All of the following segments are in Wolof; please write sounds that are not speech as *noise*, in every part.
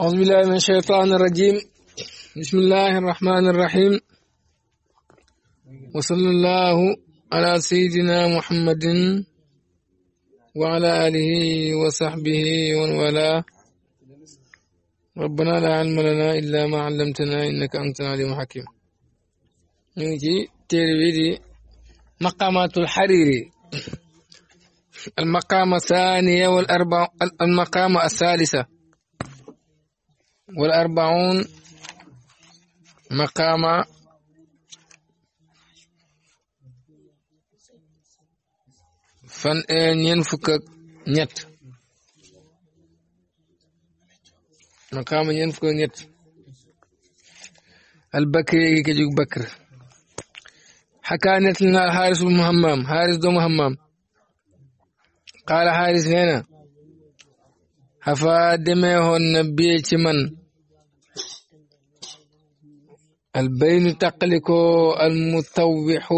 أعوذ بالله من الشيطان الرجيم بسم الله الرحمن الرحيم وصلى الله على سيدنا محمد وعلى آله وصحبه ومن والاه ربنا لا علم لنا إلا ما علمتنا إنك أنت العليم الحكيم نجي تيري مقامات الحريري المقام الثانية والأربع المقام الثالثة والأربعون مقام فن ينفك نت مقام ينفك نت البكر يجيك بكر حكى نت لنا الحارس بن حارس دو مهمم قال حارس هنا هفا دمه النبي من البين تقلكو المتوح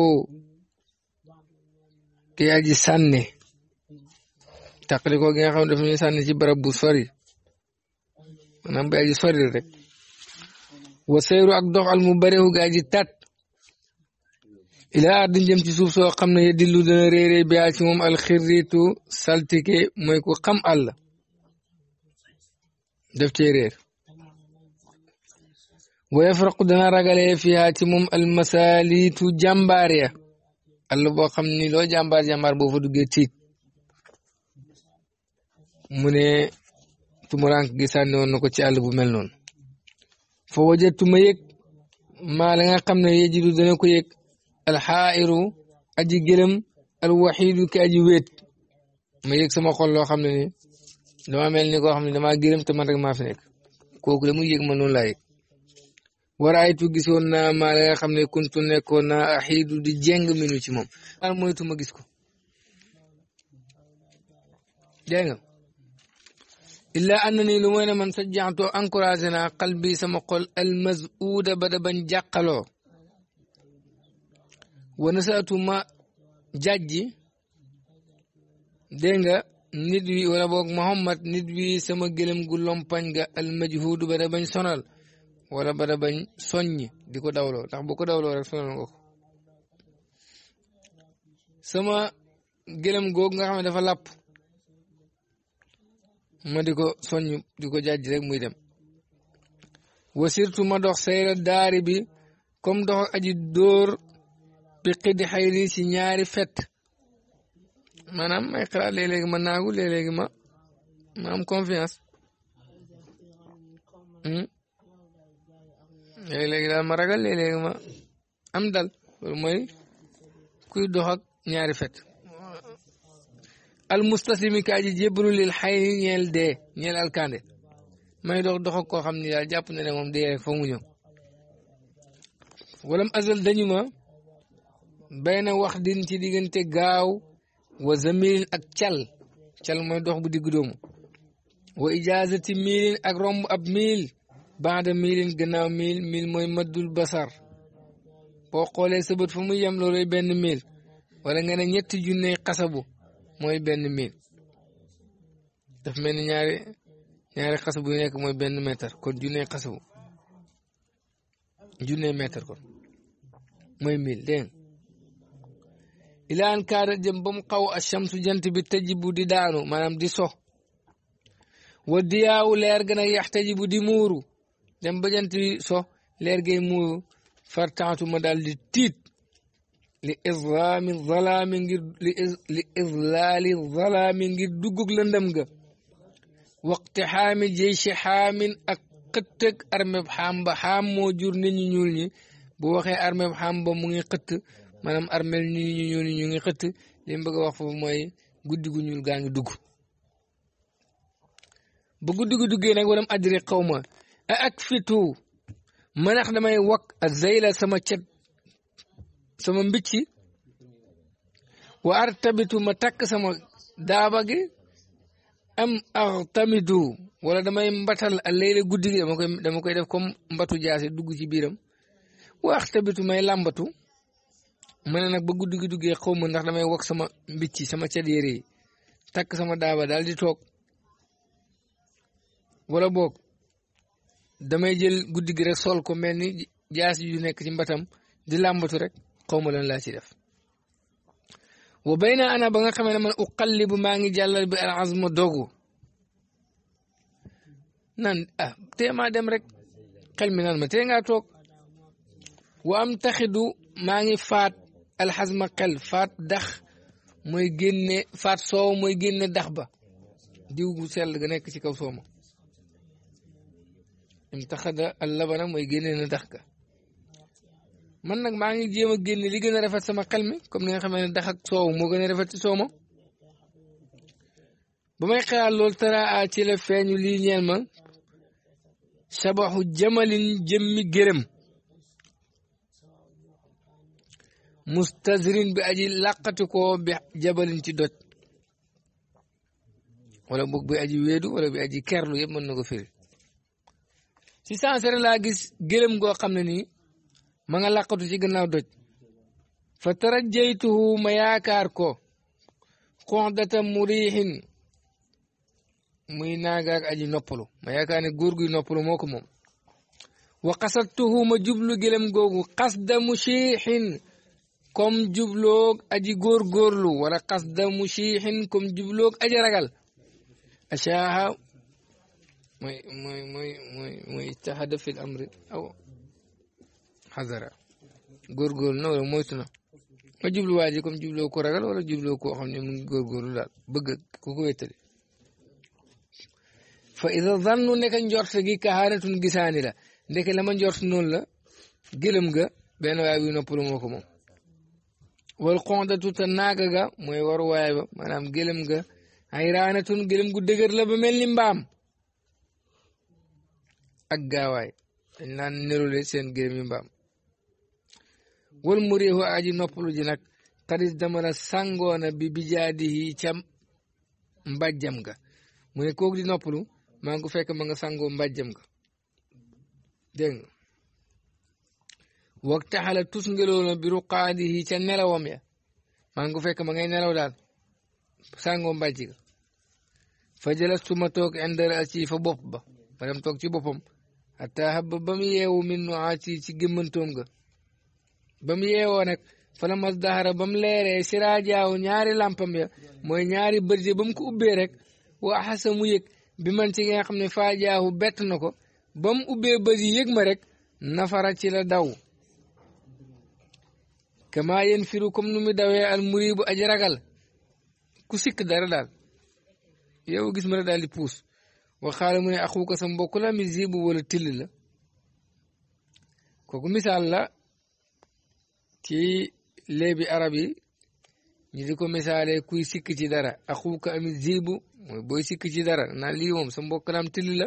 كي اجي ساني تقلكو كي خاوند فني ساني سي برب بو سوري مانام باجي سوري رك وسير اك دوخ المبره غاجي تات الى ارض نجم سي سوف سو خامنا يدلو دنا ريري بيا سي موم الخريت سالتيكي موي كو الله دفتي رير wayafraqu dana ragalee fiha ci moom almasalitu jàmbaar ya boo xam ni loo jàmbaar jàmbaar boo fa duggee tiit mu ne tumurank gi sànni woon ko ci àll bu mel noonu fa wajatu ma yëg nga xam ne yejidu dana ko yëg alxaa'iru aji gëlëm alwaxiidu ki aji wéet ma sama xol loo xam ne ni dama mel ni koo xam ne damaa gëlëm te man rek maa fi nekk kooku la muy waraaytu gisoon naa maa la nga xam ne kuntu nekkoon naa axiidu di jeng minu ci moom an moytu ma gis ko dégg illaa anna nii lu mooy man sa jaxtoo encouragé naa qalbi sama xol almasuuda ba da bañ jàqaloo wa nasaatu ma jàjji dégg nga nit wi wala boog Muhammad nit wi sama gëlëm gu lompañ ga almajhuudu ba da bañ sonal wala bada bañ soññi di ko dawloo ndax bu ko dawloo rek sonal nga ko sama gélem goog nga xam ne dafa lapp ma di ko soññ di ko jàjj rek muy dem wa surtu ma dox sayra daari bi comme dox aji dóor bi xiddi xayri ci ñaari fett maanaam may xalaat léeg-léegi ma naagu léeg-léegi ma ma am confiance hmm? léegi-léegi daal ma ragal léegi-léegi am dal loolu mooy kuy dox ñaari fet al mustaslimi kaa ji jébbalu lil xay ñeel dee ñeel alkande may dox dox ak koo xam ni daal jàpp na ne moom dee rek mu ñëw walam azal dañu ma bayna wax din ci gaaw wa zamilin ak cal cal mooy dox bu digg doomu wa ijaazati miilin ak romb ab miil baada miilin gannaaw miil miil mooy maddul basar boo xoolee sa bët mu muy yem looloy benn miil wala nga ne ñetti junney xasabu mooy benn miil daf mel ni ñaari ñaari xasabu yu nekk mooy benn mètre kon junney xasabu junney mètre kon mooy miil dégg ilaan kaara jëm ba mu xaw a shamsu jant bi tajibu di daanu maanaam di so wa leer gën a yax tajibu di muuru dem ba jant bi so leer gay fartaatu ma di tiit li islaami zalaami ngir li lëndëm ga waxti xaami jeysi xaamin ak xëttëg armeb xaam ba xaam jur nit ñuul ñi bu waxee armeb xaam mu ngi xëtt maanaam armel nit ñu ñuul ñi ñu ngi xëtt li mu wax foofu mooy guddi gu ñuul gaa ngi dugg ba guddi gu duggee nag waram adri xaw ak fitu manax damay wakk ak zayla sama cet sama mbicci wa artabitu ma takk sama daaba gi am artamidu wala damay mbatal a layla guddi gi dama koy dama koy def comme mbatu jaase dugg ci biiram wa artabitu may làmbatu ma ne nag ba guddi gi duggee xaw ma ndax damay wak sama mbicci sama cet yére yi takk sama daaba daal di toog wala boog damay jël guddi gi rek sol ko mel ni jaas yu nekk ci mbatam di làmbatu rek xaw ma lan laa ci def wa bayna ana ba nga xamee ne man uqallibu maa ngi jàllal bi al azma dogu nan ah tee maa dem rek xel mi nan ma tee ngaa toog wa am taxidu maa ngi faat alxasma xel faat dax mooy génne faat soow mooy génne dax ba diw gu sell ga nekk ci kaw soow ma امتخذ اللبن ويجيني ندخك منك معي جيم جيني لي جنا رفعت سما قلمي كم نيا خم ندخك سو مو جنا رفعت سو مو بمي خيال لول ترى أتيل فين يلين يلما سبحو جمال جمي جرم مستزرين بأجي لقتكو بجبل تدوت ولا بوك بأجي ويدو ولا بأجي كارلو يمن نغفر si sansere laa gis gëlëm goo xam ne nii ma nga làqatu ci gannaaw doj fa tarajjaytuhu ma yaakaar ko xoxdata muriixin muy naagaak aji noppalu ma yaakaar ne góor guy noppalu moo ko moom wa xasattuhu ma jublu gëlëm googu xasda mushiixin comme jubloog aji góorgóorlu wala xasda mushiixin comme jubloog aji ragal achaaha mooy mooy mooy mooy mooy ijtahada fil amri aw xazara góorgóorlu na wala moytu na nga jubluwaay ji comme ko ragal wala jubloo koo xam ne mu ngi daal bëgg ku ko wéttali fa ida zannu nekk njort gi kahaanatun gisaani la ndeke la ma njort noonu la gëlëm ga benn waay bi noppalu moo ko moom wal qondatu te naaga ga mooy waruwaay ba maanaam gëlëm ga ay raanatun gëlëm gu dëgër la ba mel ni mbaam ak gaawaay dañ naan nerule seen gërëm mbaam wal mu réexu aji noppalu ji nag xadis dama la sàngoona bi bi jaadi yi ca ga mu ne kooku di noppalu maa ngi ko fekk ma nga sàngoo mbàjjam ga dégg nga waxta xala tus ngeloona bi ruqaadi yi ca nelawam ya maa ngi fekk ma ngay nelaw daal sàngoo mbàjj ga fa jëlas suma toog indara ci fa bopp ba ma dem toog ci boppam xataa xabba ba mu yeewu min nuaasi ci gémmantoom ga ba mu yeewoo nag fala mas daxara ba mu leeree siraajaawu ñaari lampam ya mooy ñaari bët ya ba mu ko rek wa axasa mu bi man ci nga xam ne faajaahu bett na ko ba mu ubbee bët yi yëg ma rek nafara ci la daw kama yéen firu comme nu mu dawee al muribu ku sikk dara daal yow gis ma la daal di puus waxaale mu ne axuuka sa mbokk la mi zibu wala till la kooku misaal la ci léebi arab yi ñu di ko misaalee kuy sikk ci dara axuuka ami zibu mooy booy sikk ci dara naan lii moom sa mbokk am till la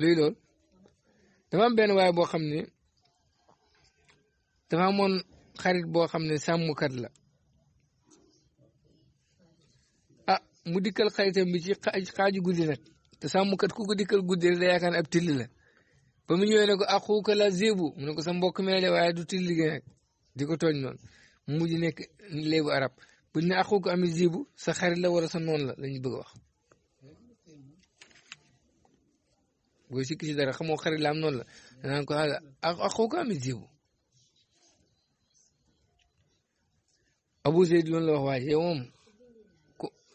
luy lool dafa am benn waay boo xam ne dafa amoon xarit boo xam ne sàmmkat la mu dikkal xaritam bi ci xaaju guddi nag te sàmmkat ku ko dikkal guddi rek da yaakaar ab tilli la ba mu ñëwee ne ko axuuka la mu ne ko sa mbokk meele waaye du tilli gi nag di ko tooñ mu mujj nekk léebu arab buñ ne axuuka ami zébu sa xarit la wala sa noon la lañu bëgg wax booy sikki ci dara xamoo xarit la am noonu la danaan ko axuuka ami zébu abu zeyd loolu la wax waaye yow moom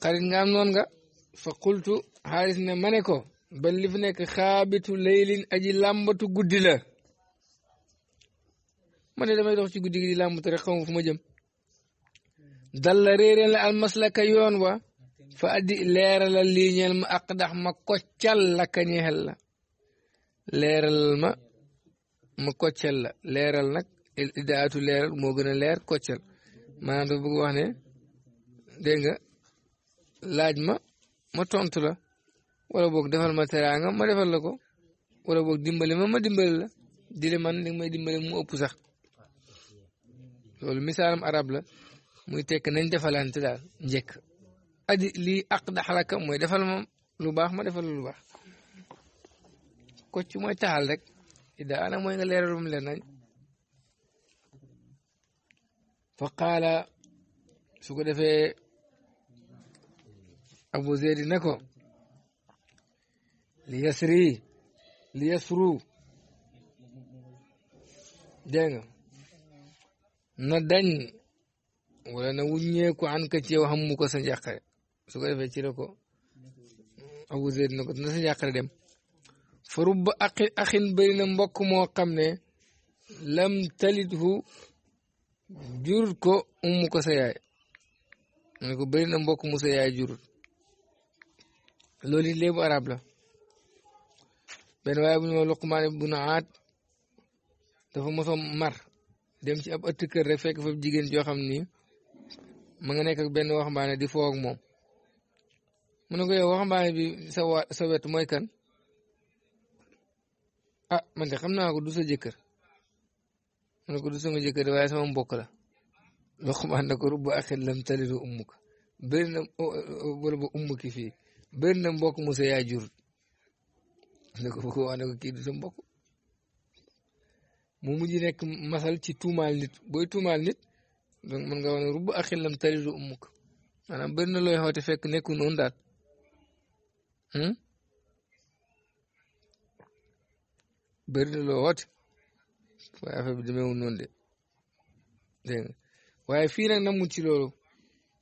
xarit nga am noon nga fa qultu xaaris ne ma ko bal li fi nekk xaabitu laylin aji làmbatu guddi la ma ne damay dox ci guddi gi di làmbatu rek fu ma jëm dal la la almaslaka yoon wa fa addi leeralal lii ñeel ma aq dax ma koccal la ka ñeexel la leeralal ma ma koccal la leeral nag idaatu leeral moo gën a leer koccal maanaam dafa bëgg wax ne dégg nga laaj ma ma tontu la wala boog defal ma teraanga ma defal la ko wala boog dimbali ma ma dimbali la di man li may dimbali mu ëpp sax loolu misaalam arab la mu muy tekk nañ defalante daal njëkk adi lii aq daxalaka mooy defal ma lu baax ma defal la lu baax kocc rek ida ana mooy nga leeralum leen nañ fa qaala su defee abu zeydi ne ko li yasri li na dañ wala na wuññeeku an ka ci yow xam mu ko sa njàqare su ko defee ci ko abu na sa njàqare dem fa rubba aqi axin bëri na mbokk moo xam ne lam talithu jurut ko ummu ko sa yaay ko bëri na mbokk mu sa yaay jurut loolu it léebu la benn waaye bu ñu woo Luqmaan ibn Aat dafa mosoom mar dem ci ab ëtt kër fekk fa jigéen joo xam ni ma nga nekk ak benn waxambaane di foo ak moom mu ne ko yow waxambaane bi sa wa sa wet mooy kan ah man xam naa ko du jëkkër mu ne ko du sama jëkkër waaye sama mbokk la Luqmaan na ko rubba axin lam talidu ummuk bëri na wala ba ummuk fii bëri na mbokk mu sa yaay jur ne ko ko wax ne ko mu mujj nekk masal ci tuumaal nit booy tuumaal nit donc mën nga rubb axin lam taridu ummuk maanaam looy xoote fekk nekku noonu daal hmm? bëri na loo xoote waaye affaire bi demeewul noonu de dégg nga waaye fii nag namul ci loolu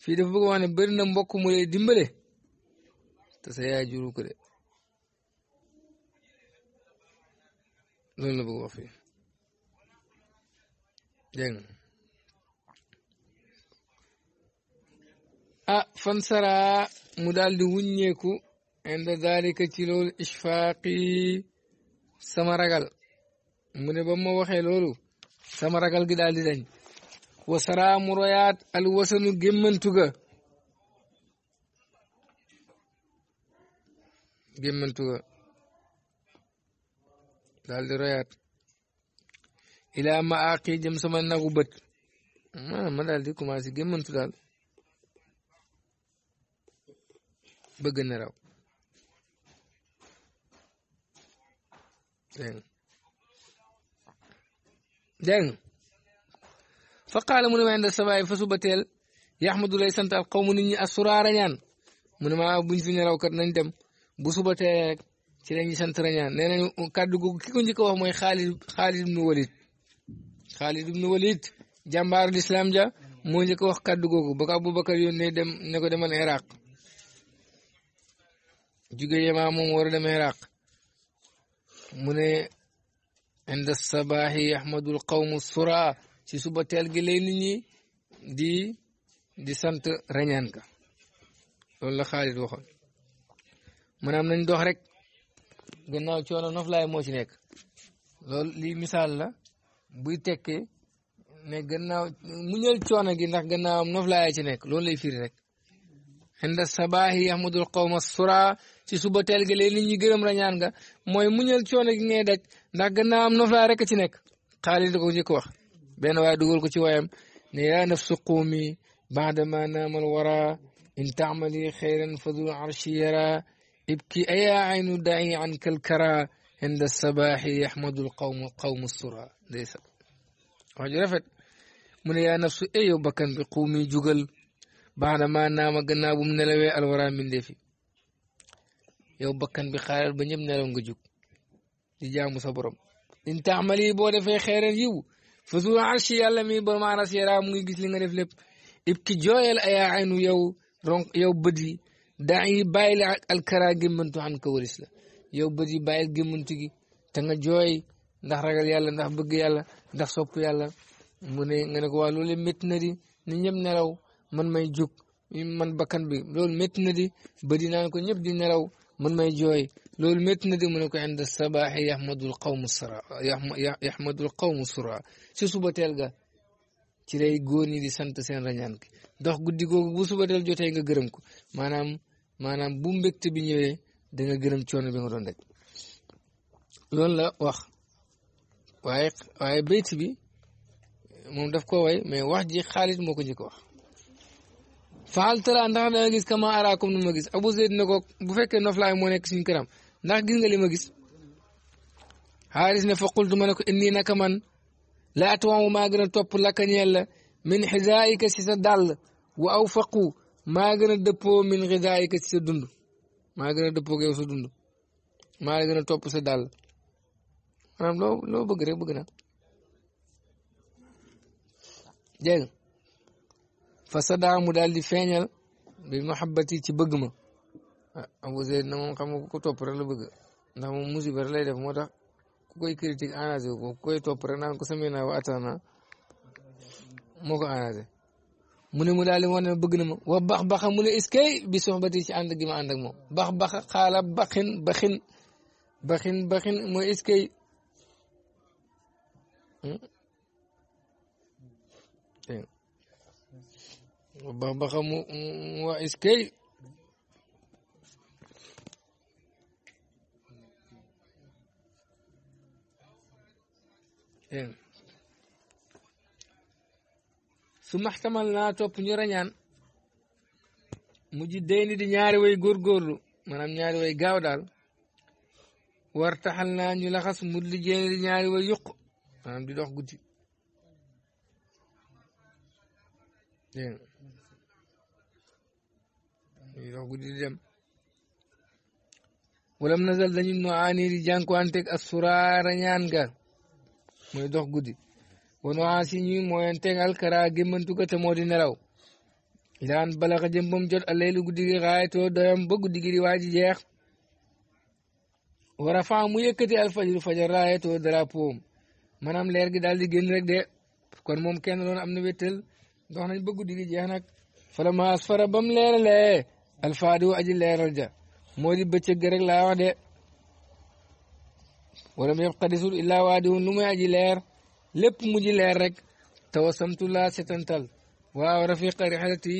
fii dafa mbokk mu lay dimbale te sa yaay juru de loolu la bëgg wax fii dégg ah, fan saraa mu daal di wuññeeku inda dalika ci loolu ishfaaqi sama ragal mu ne ba ma waxee loolu sama ragal gi daal di dañ wa saraa mu royaat al wasanu gémmantu ga gémmantu ga daal di royaat ilaa ma aaqi jëm sama nagu bët maanaam ma daal di commencé gémmantu daal bëgg na raw dégg nga fa qaala mu ne ma inda sabaay fa suba teel yaxmadu lay santal xaw asuraara ñaan mu ma ah, buñ fi neraw kat nañ dem bu suba teelee rek ci la ñuy sant rañaan nee nañu googu ki ko njëkk wax mooy Xaalid Xaalid ibnu Walid Xaalid ibnu lislaam ja moo njëkk wax kàddu googu ba ko Abubakar yónnee dem ne ko demal Iraq jóge Yaman moom war a dem Iraq mu ne inda sabaahi yahmadul qawmu sura ci suba teel gi lay nit ñi di di sant rañaan ka loolu la waxoon maanaam nañ dox rek gannaaw coono noflaay moo ci nekk loolu lii misaal la buy tekkee ne gannaaw muñal coono gi ndax gannaawam noflaay ci nekk loolu lay firi rek a sabaahi yahmadul qawma sura ci suba teel gi lay nit ñi gërëm rañaan nga mooy muñal coono gi ngay daj ndax gannaawam noflaay rek ci nekk xaalis da ko njëkk wax benn waaye dugal ko ci wayam ne yaa nafsu quumi baadama naamal wara in taamali xayran fadul arshi yara إبكي أيا عين دعي عنك الكرى عند الصباح يحمد القوم قوم السرى ليس وجرفت من يا نفس أي بكن بقومي جغل بعد ما نام جناب من لوي الورا من دفي يو بكن بخير بنجم نلون جوج دجا مصبرم إن تعملي بود في خير يو فزو عرش يلا مي بما راس يرا موي غيس لي نغا ديف ليب ابكي جويل ايا عينو يو رونك يو بدي da yi bàyyil ak alkara gémmantu xan ka waris la yow bët yi bàyyil gi te nga jooy ndax ragal yàlla ndax bëgg yàlla ndax sopp yàlla mu ne nga ne ko waa loolu métti na di ni ñëpp nelaw man may jóg man bakkan bi loolu métti na di bët yi naan ko ñëpp di nelaw man may jooy loolu métti na di mu ne ko inda sabaaxi yaxmadul qawmu sura yaxmadul qawmu sura si suba teel ga ci lay góor ñi di sant seen rañaan ki dox guddi googu bu suba teel jotee nga gërëm ko manam bu mbekté bi ñëwé da nga gërëm coono bi nga doon rek lool la wax waye waye bayt bi mom daf ko way mais wax ji Xaalid moko ko wax faal tara ndax da nga gis kama araakum nu ma gis Abu Zayd nako ko bu fekkee noflaay mo nek suñu këram ndax gis nga li ma gis xaalis ne fa qultu manako inni naka man la atwa ma gëna top la ka ñeel min hizaika si sa dàll wa awfaqu maa gën a dëppoo min xidaayika ci sa maa gën a dëppoo ak yow sa maa gën a topp sa dàll loo bëgg rek bëgg na dégg fa sadaa mu daal di feeñal bi mahabbati ci bëgg ma ah Abu Zayd na moom xam nga ko topp bëgg ndax moom musiba lay def moo tax ku koy critique arrangé ko ku koy topp rek naan ko samina wa atana moo ko mu ne mu daal di ne bëgg na ma wa bax baxa mu ne iskay bi soxbati ci ànd gi ma ànd ak bax baxa xaala baxin baxin baxin baxin mooy hmm? bax baxa mu waa iskay dégg su maxtamal naa topp ñu rañaan mujj day ni di ñaari way góorgóorlu maanaam ñaari way gaaw daal war taxal naa ñu laxas mud li jéeni di ñaari way yuq maanaam di dox guddi dem walam nazal dañu nu aani di jànkuwanteeg asura rañaan ga mooy dox guddi wano ansi ñuy mooyanteeg alkara gémmantu ga te moo di ilaan balaxa jëm ba mu jot allaylu guddi gi xaayatoo ba guddi di waa ji jeex war a fan mu yëkkati alfajir fajar raayatoo drapeau maanaam leer gi daal di rek de kon moom kenn doon am na dox nañ ba guddi gi jeex nag fala maas fara ba mu leeralee alfaadu aji leeral ja moo di bëccëg laa wax de wala mu yëpp xadisul illaa waadiwun lu muy aji leer lépp mujj leer rek tawasamtu laa setantal waaw rafiqa rixlati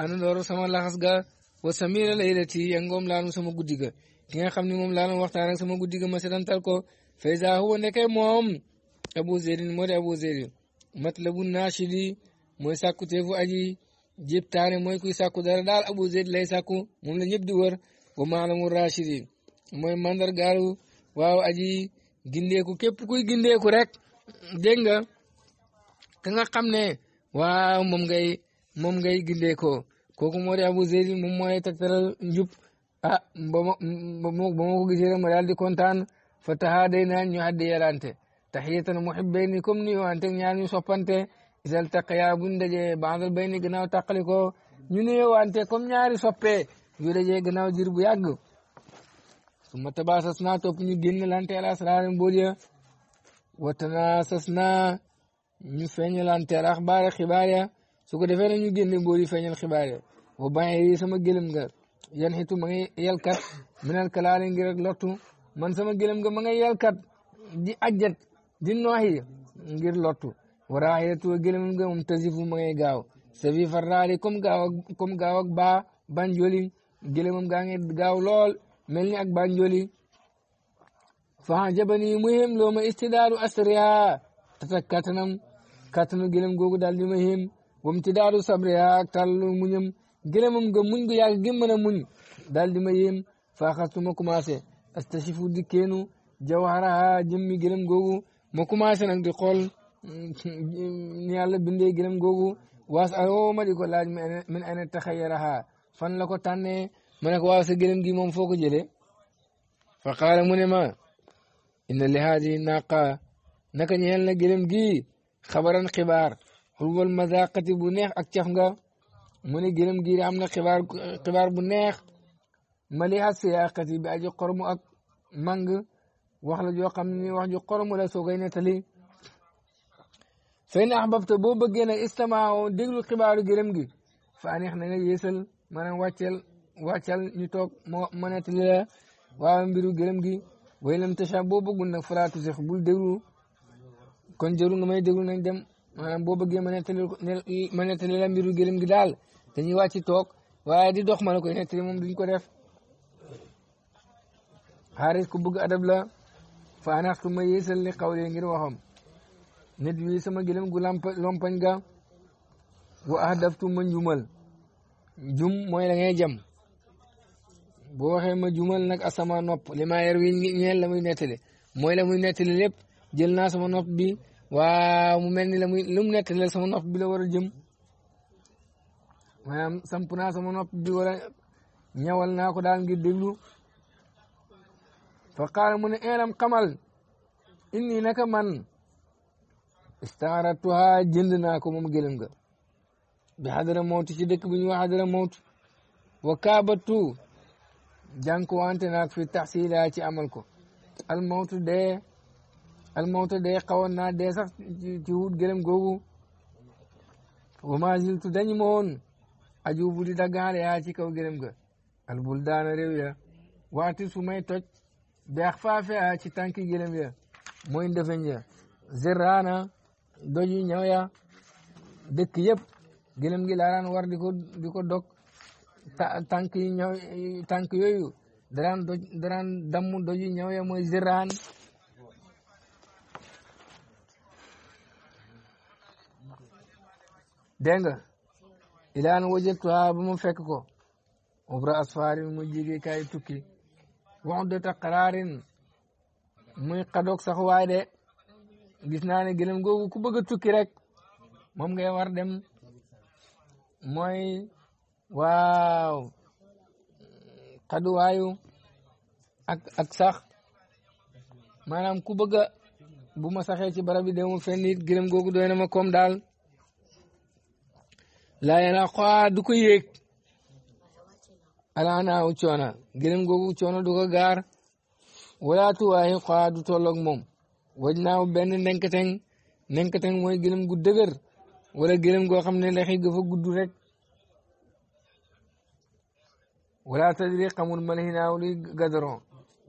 anandooru sama laxas ga wa samira laylati yangoom laalum sama guddi ga ki nga xam ne moom laalum waxtaan sama guddi ga ma setantal ko faysa huwa nekke moom abu zeydin moo di abu zeydin matlabu naashidi mooy sàkku teefu aji jibtaane mooy kuy sàkku dara daal abu zeyd lay sàkku moom la ñëpp di wër wa maalamu rashidi mooy mandargaalu waaw aji gindeeku képp kuy gindeku rek dégg nga ka xam ne waaw moom ngay moom ngay gindee ko kooku moo di Abu Zeydi moom mooy tegtaral njub a ah, ba ma ba ma ko di kontaan fa taxaaday naan ñu haddi yarante taxiyatan muhibbayni comme ni wante ñaar ñu soppante isal taqaya buñ dajee baandal bay ni ko ñu nuyoo wante comme jir bu yàgg su ma ñu génn lante ala asraar mboolya watanasasna ñu feeñalanteel axbaara xibaar ya su ko defee nag ñu génne boori feeñal xibaar ya wa bàyyi sama gëlëm nga yan xitu ma ngay yelkat minal kalaale ngir ak lottu man sama gëlëm nga ma ngay yelkat di ajjat di nooxi ngir lottu waraaxeetu gëlëm nga moom tasifu ma ngay gaaw safi farraali comme gaaw ak comme gaaw ak baa banjoli gëlëmam gaa ngi gaaw lool mel ni ak banjoli فعجبني مهم لو ما استدار أسرها تتكتنم كتنو جلم جوجو دال مهم وامتدار صبرها تلو منيم جلمم جمون جيا جمنا من دال مهم فأخذت مكماسة استشفو دكينو جوهرها جمي جلم جوجو مكماسة نك دي قول نيال بندي جلم جوجو واسألو ما دي قول من أن تخيرها فان لكو تاني منك واسا جلم جي مم فوق جلي فقال منما inna li haadihi naaqa naka ñeel na gërëm gii xabaran xibaar xulwal mazaqati bu neex ak caf nga mu ne gërëm gii am na xibaar xibaar bu neex mali a siyaqati bi aji xormu ak mang wax la joo xam ne wax ju xormu la soo koy nettali fay na ahbabta boo bëggee nag istamaaw déglu xibaaru gërëm gi fa aneex na nga yeesal maanaam wàccel wàccel ñu toog moo ma nettali la waaw mbiru gërëm gi way lam tacha boo bëggul na falaatu sex bul déglu kon jëru nga may déglu nañ dem maanaam boo bëggee ma nettali ma nettali la mbiru gërëm gi daal dañuy wàcc toog waaye di dox ma la koy nettali moom duñ ko def xaaris ku bëgg adab la fa anaxtu ma yéesal li xawlee ngir waxam nit wi sama gëlëm gu lamp ga wa ahdaftu ma njumal jum mooy la ngay jam boo waxee ma jumal nag asama nopp li ma yer wi ñeel la muy nettali mooy la muy nettali lépp jël naa sama nopp bi waa mu mel ni la muy lu mu nettali sama nopp bi la war a jëm maanaam samp naa sama nopp bi wala ñawal naa ko daal ngi déglu fa qaala mu ne eelam xamal inni naka man istaaratuha jënd naa ko moom gëlëm ga bi xadara mawt ci dëkk bi ñu wax xadara mawt wa kaabatu jànkuwante naag fi taxsiila ci amal ko almawtu dee almawtu dee xawoon naa dee sax ci wut gëlëm googu wama ziltu dañu ma woon ajubu di daggaale yaa ci kaw gëlëm ga albul daana réew ya waati su may toj beex faafe a ci tànki gëlëm ya mooy ndefeñ ya zerraana doju ñëw ya dëkk yëpp gëlëm gi laa war di ko di tànk yi ñëw yooyu daraan doj daraan damm doju ñëw ya mooy ziraan dégg nga ilaan wajatuha ba mu fekk ko ubra asfarin muy jigi kay tukki waxdota qaraarin muy xadoog sax waay de gis naa ne gëlëm googu ku bëgg tukki rek moom ngay war dem mooy waaw xaduwaayu ak ak sax maanaam ku bëgg a bu ma saxee ci barab bi demu fenn it gërëm googu doy na ma koom daal lay yana xaa du ko yéeg alaanaaw coona gërëm googu coona du ko gaar walaatuwaayi xaa du tolloog moom waj naaw benn nenkateng nenkateng mooy gërëm gu dëgër wala gërëm goo xam ne ndax it dafa gudd rek wala tadri xamul mal hinaaw luy gadron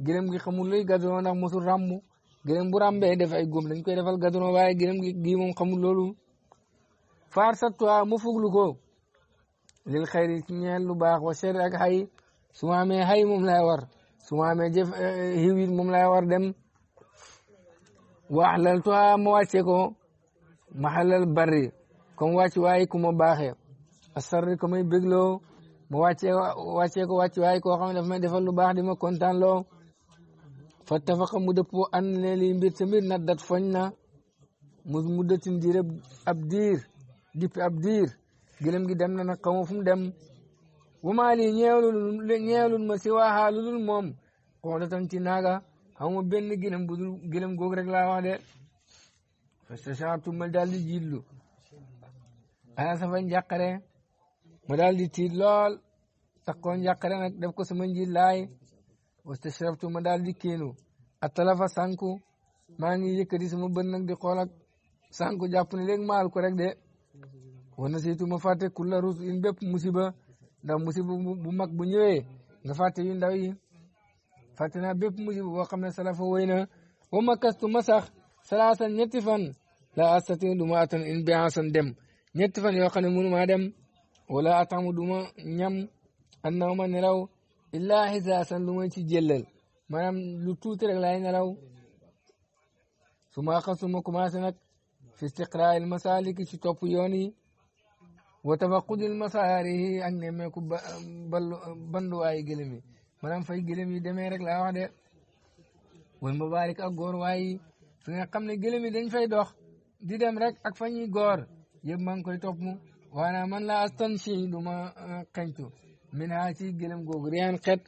gërëm gi xamul luy gadron ndax mosul ràmm gërëm bu rambe def ay góom dañ koy defal gadron waaye gërëm gi gii moom xamul loolu faar satwa mu fuglu ko lil xayri ci ñeel lu baax wa cher ak xay su ma amee xay moom lay war su ma amee jëf eh, eh, xiw moom lay war dem wax lal tuha ma wàcce ko ma xalal barri comme wàcc waaye ku ma baaxee asarri ko mu wàccee wàccee ko wàcc waaye koo xam ne defal lu baax di ma kontaan loo fa tafaqa mu dëppoo ànd ne lii mbir te mbir foñ na mu mu dëttin diir ab dippi ab diir gi dem na nag xaw ma fu mu dem bu maa lii ñeewlu ñeewlul ma si waaxaa lu moom xool tam ci naaga xaw ma benn gëlëm bu dul gëlëm googu de parce que ma daal di jiitlu ana safa njàqare mu ya di tiit lool sakkoon yàqare nag def ko sama nji laay wastashraftu ma di kéenu atalafa sànku maa ngi yëkkati sama bën nag di xool ak sànku jàpp ne léegi maal ko rek de wana siitu ma fàtte kulla rus in bépp musiba ndax musiba bu mag bu ñëwee nga fàtte yu ndaw yi fàtte naa bépp musiba boo xam ne salafa wéy na wa ma ma sax salaasan ñetti fan la astatin du ma atan in biansan dem ñetti fan yoo ya xam ne mënu dem wala atamu duma ñam annaw ma nelaw illaa xisaasan lu may ci jëllal maanaam lu tuuti rek laay nelaw su ma xasu ma commencé nag fi istiqraa'il masaaliki ci topp yoon yi wa tafaqudil masaarihi ak nemmeeku ballu banduwaayu gëlëm yi maanaam fay gëlëm yi demee rek laa wax de wal mabaarik ak góor waay fi nga xam ne gëlëm yi dañ fay dox di dem rek ak fa ñuy góor yëpp maa ngi koy topp mu waaye man laa astansi du ma uh, xañtu min ha ci gëlëm googu riyaan xet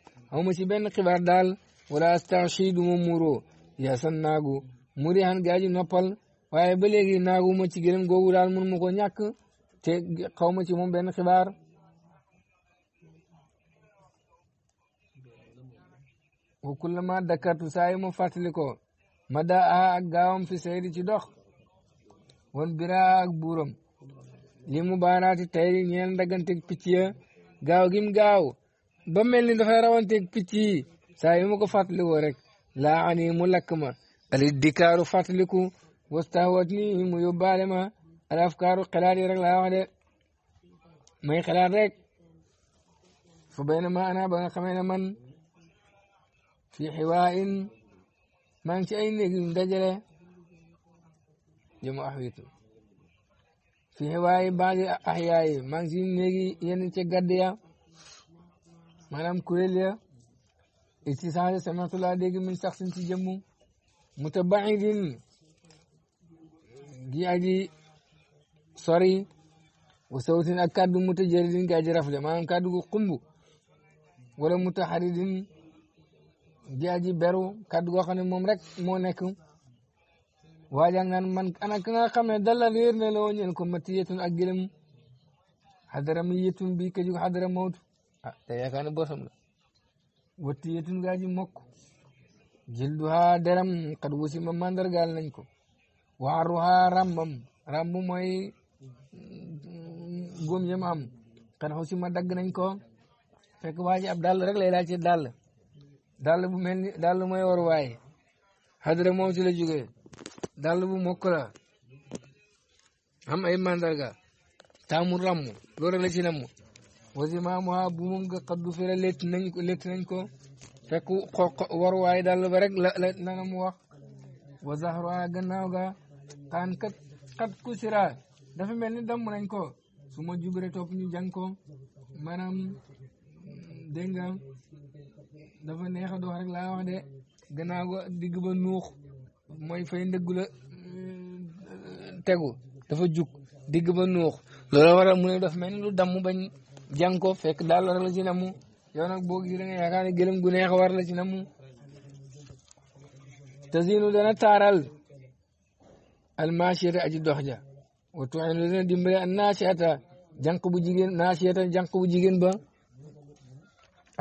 ma ci benn xibaar daal wala astansi du ma muuroo yaasan naagu mu riyaan gaaji noppal waaye ba léegi naagu ma ci gëlëm googu daal mun ma ko ñàkk te ma ci moom benn xibaar wa kullama dakkartu saa yi ma fàttali ko ma daa ak gaawam fi sayri ci dox wan biraa ak li mu baanaati tey ñeel ndagganteeg picc ya gaaw gim gaaw ba mel ni dafay rawanteeg saa yu ma ko fàttalikoo rek laa ani mu lakk ma ali dikaaru fàttaliku wastahwat ni mu yóbbaale ma al afkaaru xalaat yi rek laa may xalaat rek fa bayna ma ana ba nga xamee ne man fi xiwaa in maa ngi ci ay néeg fi waaye baa ngi axyaa yi maa ngi si néegi yenn ca gàdd ya maanaam kuréel ya ici sax samatu laa dégg min sax sin ci jëmm mutabaidin gi aji sori wa sawtin ak kàddu mutajaridin gi aji rafle maanaam kàddu gu xumb wala mutaxaridin gi aji beru kàddu goo xam ne moom rek moo nekk waajal naan man ana ka nga xam ne dala réer ne loo ñeel ko matiyatun ak gëlëm xadara miyatun bi ka jug xadara mawtu ah te ne bosam la watiyatun gaa ji mokk jilduha deram xad wusima mandargaal nañ ko waaruha rambam rambu mooy góom mm, am xad xusima dagg nañ ko fekk waa ab dàll rek lay laajte dàll dàll bu mel ni dàll mooy la jógee dàll bu mokk am ay mandarga taamu ràmm loolu rek la ci namm wasimaamoa bu moom nga xaddu fi la létt nañ ko létt fekk war waaye dàll ba rek la la na mu wax wa zahroa gannaaw ga xaan kat xat ku sira dafa mel ni damm nañ ko su ma topp ñu jàng ko maanaam dégg nga dafa neex dox rek laa wax de gannaaw ga digg ba nuux mooy fay ndëggu la euh, tegu dafa jug digg ba nuux loolu waral mu ne daf mel ni lu damm ko fekk daal war la ci namu yow nag boo gisee da nga yaakaar ne gëlëm gu neex war la ci namu te zinu dana taaral almachiyata aji dox ja wa tuinu dana dimbale an naasiata jànq bu jigéen naasiata jànq bu jigéen ba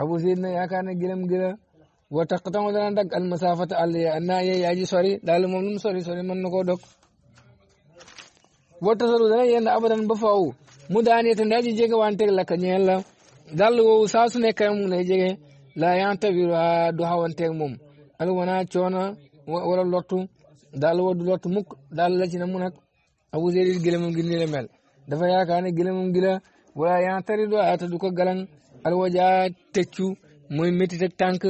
abu zeyd na yaakaar ne gëlëm gi wa taqtama dana dagg al masaafata àll naa yee yaa ji sori daal moom lu mu sori sori mën na koo dog wa tasaru dana yenn abadan ba faaw mu daanee te ndaa ji jege wanteeg lakk ñeel la daal woowu saa su nekk mu lay jege laa yan tabiru du xawanteeg moom al wana coona wala lottu daal woo du lottu mukk daal la ci na mu nag abu zerid gëlëmam gi nii la mel dafa yaakaar ne gëlëmam gi la wala yan tari du ko galan al waja teccu mooy métit ak tànk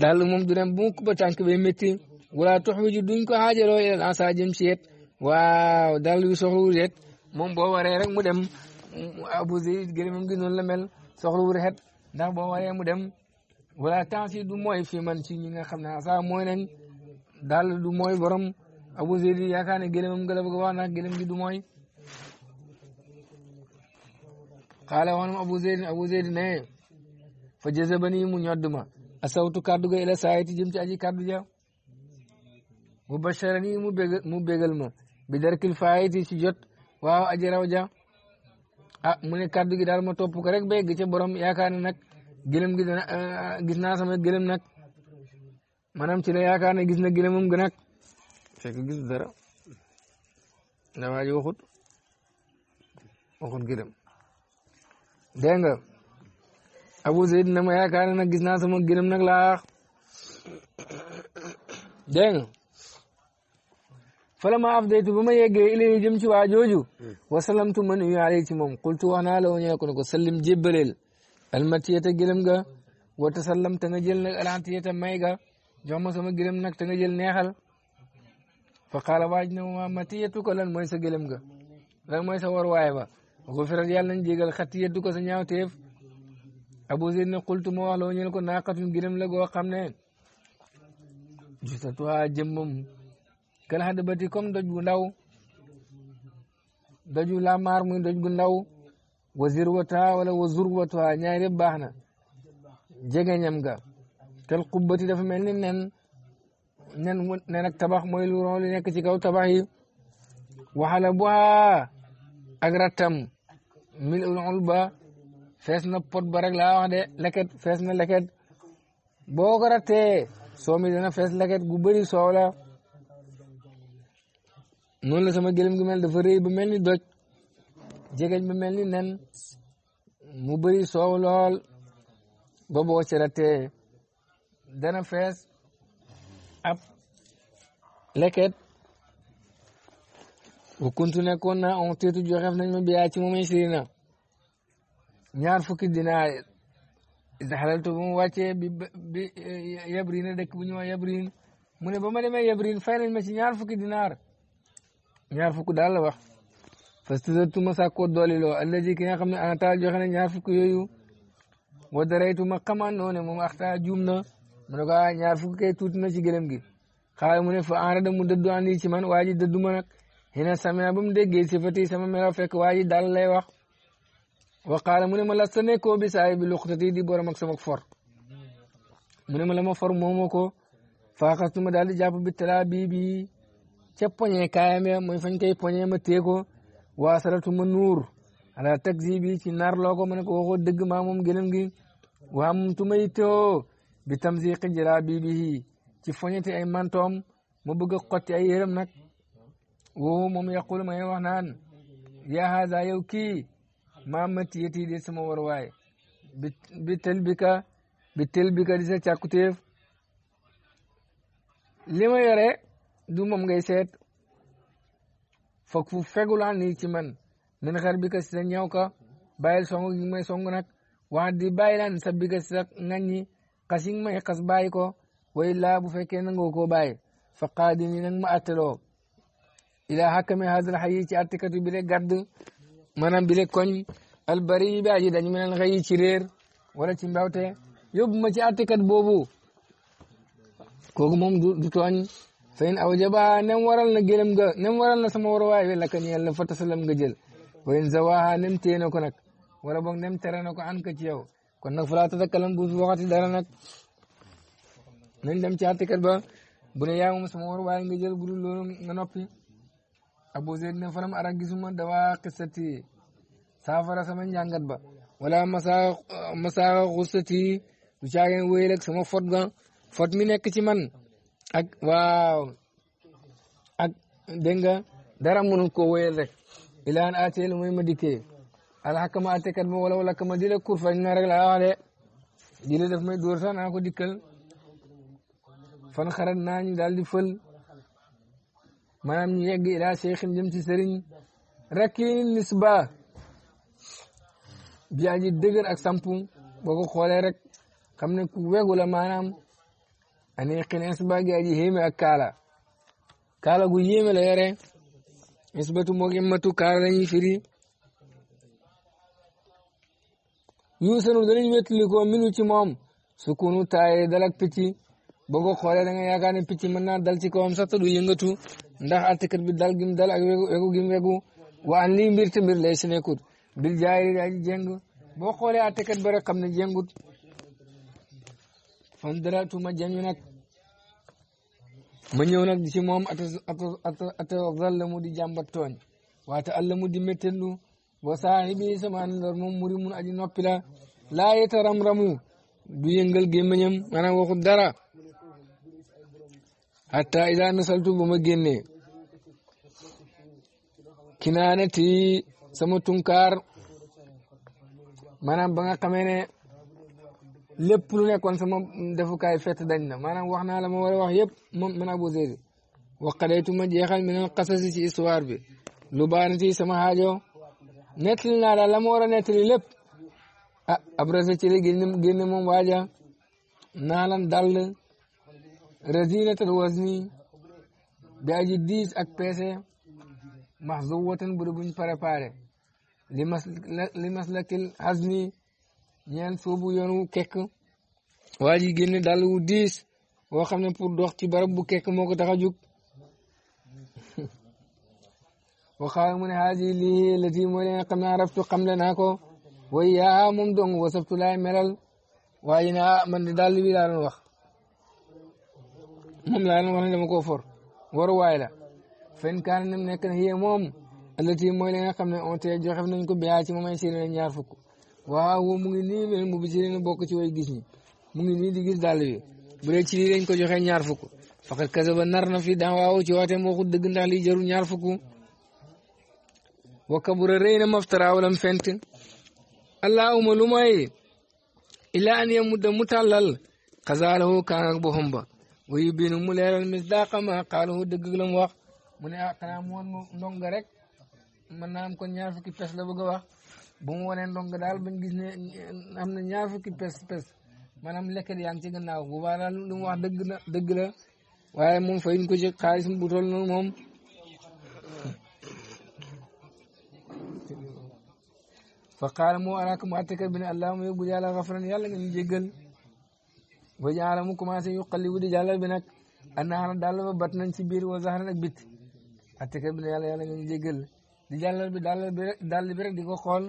daal moom du dem bu mu kubba tànk bay métti wala tox wi ji duñ ko xaajaloo ilal ansa jëm si yet waaw daal yu soxlu yet moom boo waree rek mu dem abu zeyd gërëmam gi noonu la mel soxlu rexet ndax boo waree mu dem wala temps yi du mooy fi man ci ñi nga xam na ansa mooy nañ daal du mooy borom abu zeyd yaakaar ne gërëmam nga la bëgg wax gi du mooy xaala waxnam abu zeyd abu zeyd ne fa jëzabani mu ñodd ma asawtu kàddu ga ila saayati jëm ci aji kàddu ja mu basharani mu bég mu bégal ma bi darkil faayati ci jot waaw aji raw ja ah mu ne kàddu gi daal ma topp ko rek ba yegg ca borom yaakaar ne nag gëlëm gi eh, gis naa sama gëlëm nag maanaam ci la yaakaar ne gis na gëlëmam gi nag fekk gis dara dawaa ji waxut waxut gëlëm dégg nga Abu Zayd na ma yaakaar nag gis naa sama gëlëm nag laax fala ma afdaytu ba ma yeggee ilay jëm ci waa jooju wasalamtu ma nuyu alayhi ci moom qultu wax naa la woon ñu ko ne ko sallim jébbaleel almatiyata gëlëm ga wa tasallam ta nga jël nag alantiyata may ga jox ma sama gëlëm nag ta nga jël neexal fa qaala waaj na ma matiyatu ko lan mooy sa gëlëm ga lan mooy sa war waay ba gufirat yàlla nañ jégal xatiyatu ko sa ñaawteef Abu Zayd ne qultu ma wax la ñu ne ko naaqatun gërëm la goo xam ne gisatuwaa jëmmam kal hadbati comme doj bu ndaw doju lamaar muy doj bu ndaw wa zirwata wala wa zurwata ñaar yëpp baax na jegeñam ga kal qubbati dafa mel ni nen nen nen ak tabax mooy lu ron li nekk ci kaw tabax yi waxala bu ak rattam mil ul ulba fees na pot ba rek laa wax de leket fees na leket boo ko rattee soo mi dana fees leket gu bëri soow la noonu la sama gëlëm gi mel dafa rëy ba mel ni doj jegeñ ba mel ni nen mu bëri soow lool ba boo ci rattee dana fees ab leket bu kuntu nekkoon naa on teetu joxeef nañ ma biyaa ci moom isirina ñaar fukki dinaar zaxalaltu bu mu wàccee bi bi eh, yabriin dëkk bu ñu wax mu ne ba ma demee yabriin fay nañ ma ci ñaar fukki dinaar ñaar fukk daal la wax parce que surtout ma sàkkoo dooli loo allaji ki nga xam ne ana taal joxe na ñaar fukki yooyu wa daraytu ma xamandoo ne moom axtaa juum na mu ne ko ah, ñaar fukki kay tuuti na ci gëlëm gi xaaral mu ne fa en rada mu dëddu andi ci man waa ji dëddu ma nag xëy na samia ba mu déggee sifati sama melo fekk waa ji daal lay wax waqaala mu ne ma lasta nekkoo bi saay bi luqtati di borom ak sama for mu ma la ma for moomoo ko faaxastu ma daal di jàpp bi talaa ca poñe kaayam ya mooy fañ koy poñe ma téye ko waa salatu ma nuur ala bi ci naar looko ko ma ne ko waxoo dëgg maa moom gëlëm gi waa moom tu may too bi tamsiqi jëraa bii bi ci foñeti ay mantoom ma bëgg a ay yërëm nag woo moom yaqul may wax naan yaa haza yow maa matiyati di sama war waay bi bi tel bi ka bi tel di sa càkkutéef li ma yore du moom ngay seet fokk fu fegulaan nii ci man min xar bi ka si sa ñaw ka bàyyil song gi may song nag wax di bàyyi laan sa bi ka si sa ŋaññi xas yi may xas bàyyi ko way laa bu fekkee nangoo ko bàyyi fa qaadi ni nag ma attaloo ilaa xakkame hadal xayi ci attikatu bi de gàdd maanaam bi le koñ albari bi aji dañu mel ne xëy ci réer wala ci mbawte yóbbu ma ci àttekat boobu kooku moom du du tooñ fayin aw jaba nem waral na gëlëm nga nem waral na sama waruwaay wi lakka ñeel la fa tasalam nga jël wayin wa nem téye na ko nag wala boog nem tere ko an ka ci yow kon nag falaa tatakalam bu fi waxati dara nag nañ dem ci àttekat ba bu ne yaa moom sama waruwaay nga jël bu dul loolu noppi Abu Zayd ne falam ara gisuma dawaa xisati saafara sama njàngat ba wala masa masa xusati du caageen wéyal ak sama fot ga fot mi nekk ci man ak waaw ak dégg dara mënu ko wéyal rek ilaan aatee lu muy ma dikkee alxakama ba wala wala kama di la kur na rek laa wax de di la may dóor naa ko dikkal fan xarat naa ñu daal di fël maanaam ñu yegg ilaa cheikhin jëm ci sëriñ rakin nisba biyaa ji dëgër ak samp boo ko xoolee rek xam ne ku wegu la maanaam aneeqin nisba gi aji yéeme ak kaala kaala gu yéeme la yore nisbatu moo gi matu kaala lañuy firi yuusanu danañ wéttalikoo minu ci moom sukunu taaye dalak picc boo ko xoolee da nga yaakaar ne picc mën naa dal ci kawam sax te du yëngatu ndax àttekat bi dal gim dal ak wegu gim wegu waan lii mbir te mbir lay si nekkut bil jaayri daa ji boo xoolee àttekat ba rek xam ne jéngut fan dara tuuma jëñu nag ma ñëw nag di ci moom ata ata ata zallamu di jàmbat tooñ waate allamu di méttendu wa saahibi sama àndor moom muri aji noppi la laa yetaram ramu du yëngal gémmiñam maanaam waxut dara hatta ida nasaltu bu ma génnee kinaanati sama tunkaar maanaam ba nga xamee ne lépp lu nekkoon sama defukaay fett dañ na maanaam wax naa la ma war a wax yëpp moom man Abu Zayd waqalaytu ma jeexal min al qasasi ci histoire bi lu baanati sama xaajo nettali naa daal la ma war a nettali lépp ah abrasa ci la génn génn moom waaja naa lan dal razinatan wazni di aji diis ak peese maxzuwatan bu buñ préparé li mas li maslakil hazni ñeen suubu yoonu kekk waa ji génne dàll wu diis woo xam ne pour dox ci barab bu kekk moo ko tax a jug waxaala mu ne haaji lii lati mooy li nga xam ne araftu naa ko way yaa moom dong wasaftu laay melal waa ne ah man de dàll wax moom laa leen wax ne dama koo for waruwaay la fen kaan nam nekk na yee moom allati mooy li nga xam ne on te joxe nañ ko biyaa ci moom ay ñaar fukk waaw mu ngi nii leen mu bi ci ci way gis ñi mu ngi nii di gis dàll bi bu ci lii lañ ko joxee ñaar fukk faqat kasaba nar na fi daawaaw ci waatee moo xut dëgg ndax lii jarul ñaar fukk wa kabura rëy na maftara walam fent allahuma lu may ila an yamudda mu tàllal xasaalahu kaan ak wayu biinu mu leeral misdaaqa ma xaalahu dëgg la mu wax mu ne ah xanaa mu woon ndonga rek mën naa am kon ñaar fukki pes la bëgg wax bu wane ndong ndonga daal bañ gis ne am na ñaar fukki pes pes maanaam lekkat yaa ngi ci gannaaw bu baax daal lu mu wax dëgg la dëgg la waaye moom fayuñ ko ci xaalis bu toll noonu moom fa qaala moo araaka mu attakar bi ne allahuma yóbbu yàlla xafran yàlla nga ñu jéggal wa jaara mu commencé yu xallibu di jàllal bi nag annaara dàll ba bat nañ ci biir wa zahran ak bit atteka bi ne yàlla yàlla nga di jàllal bi dàll bi rek bi rek di ko xool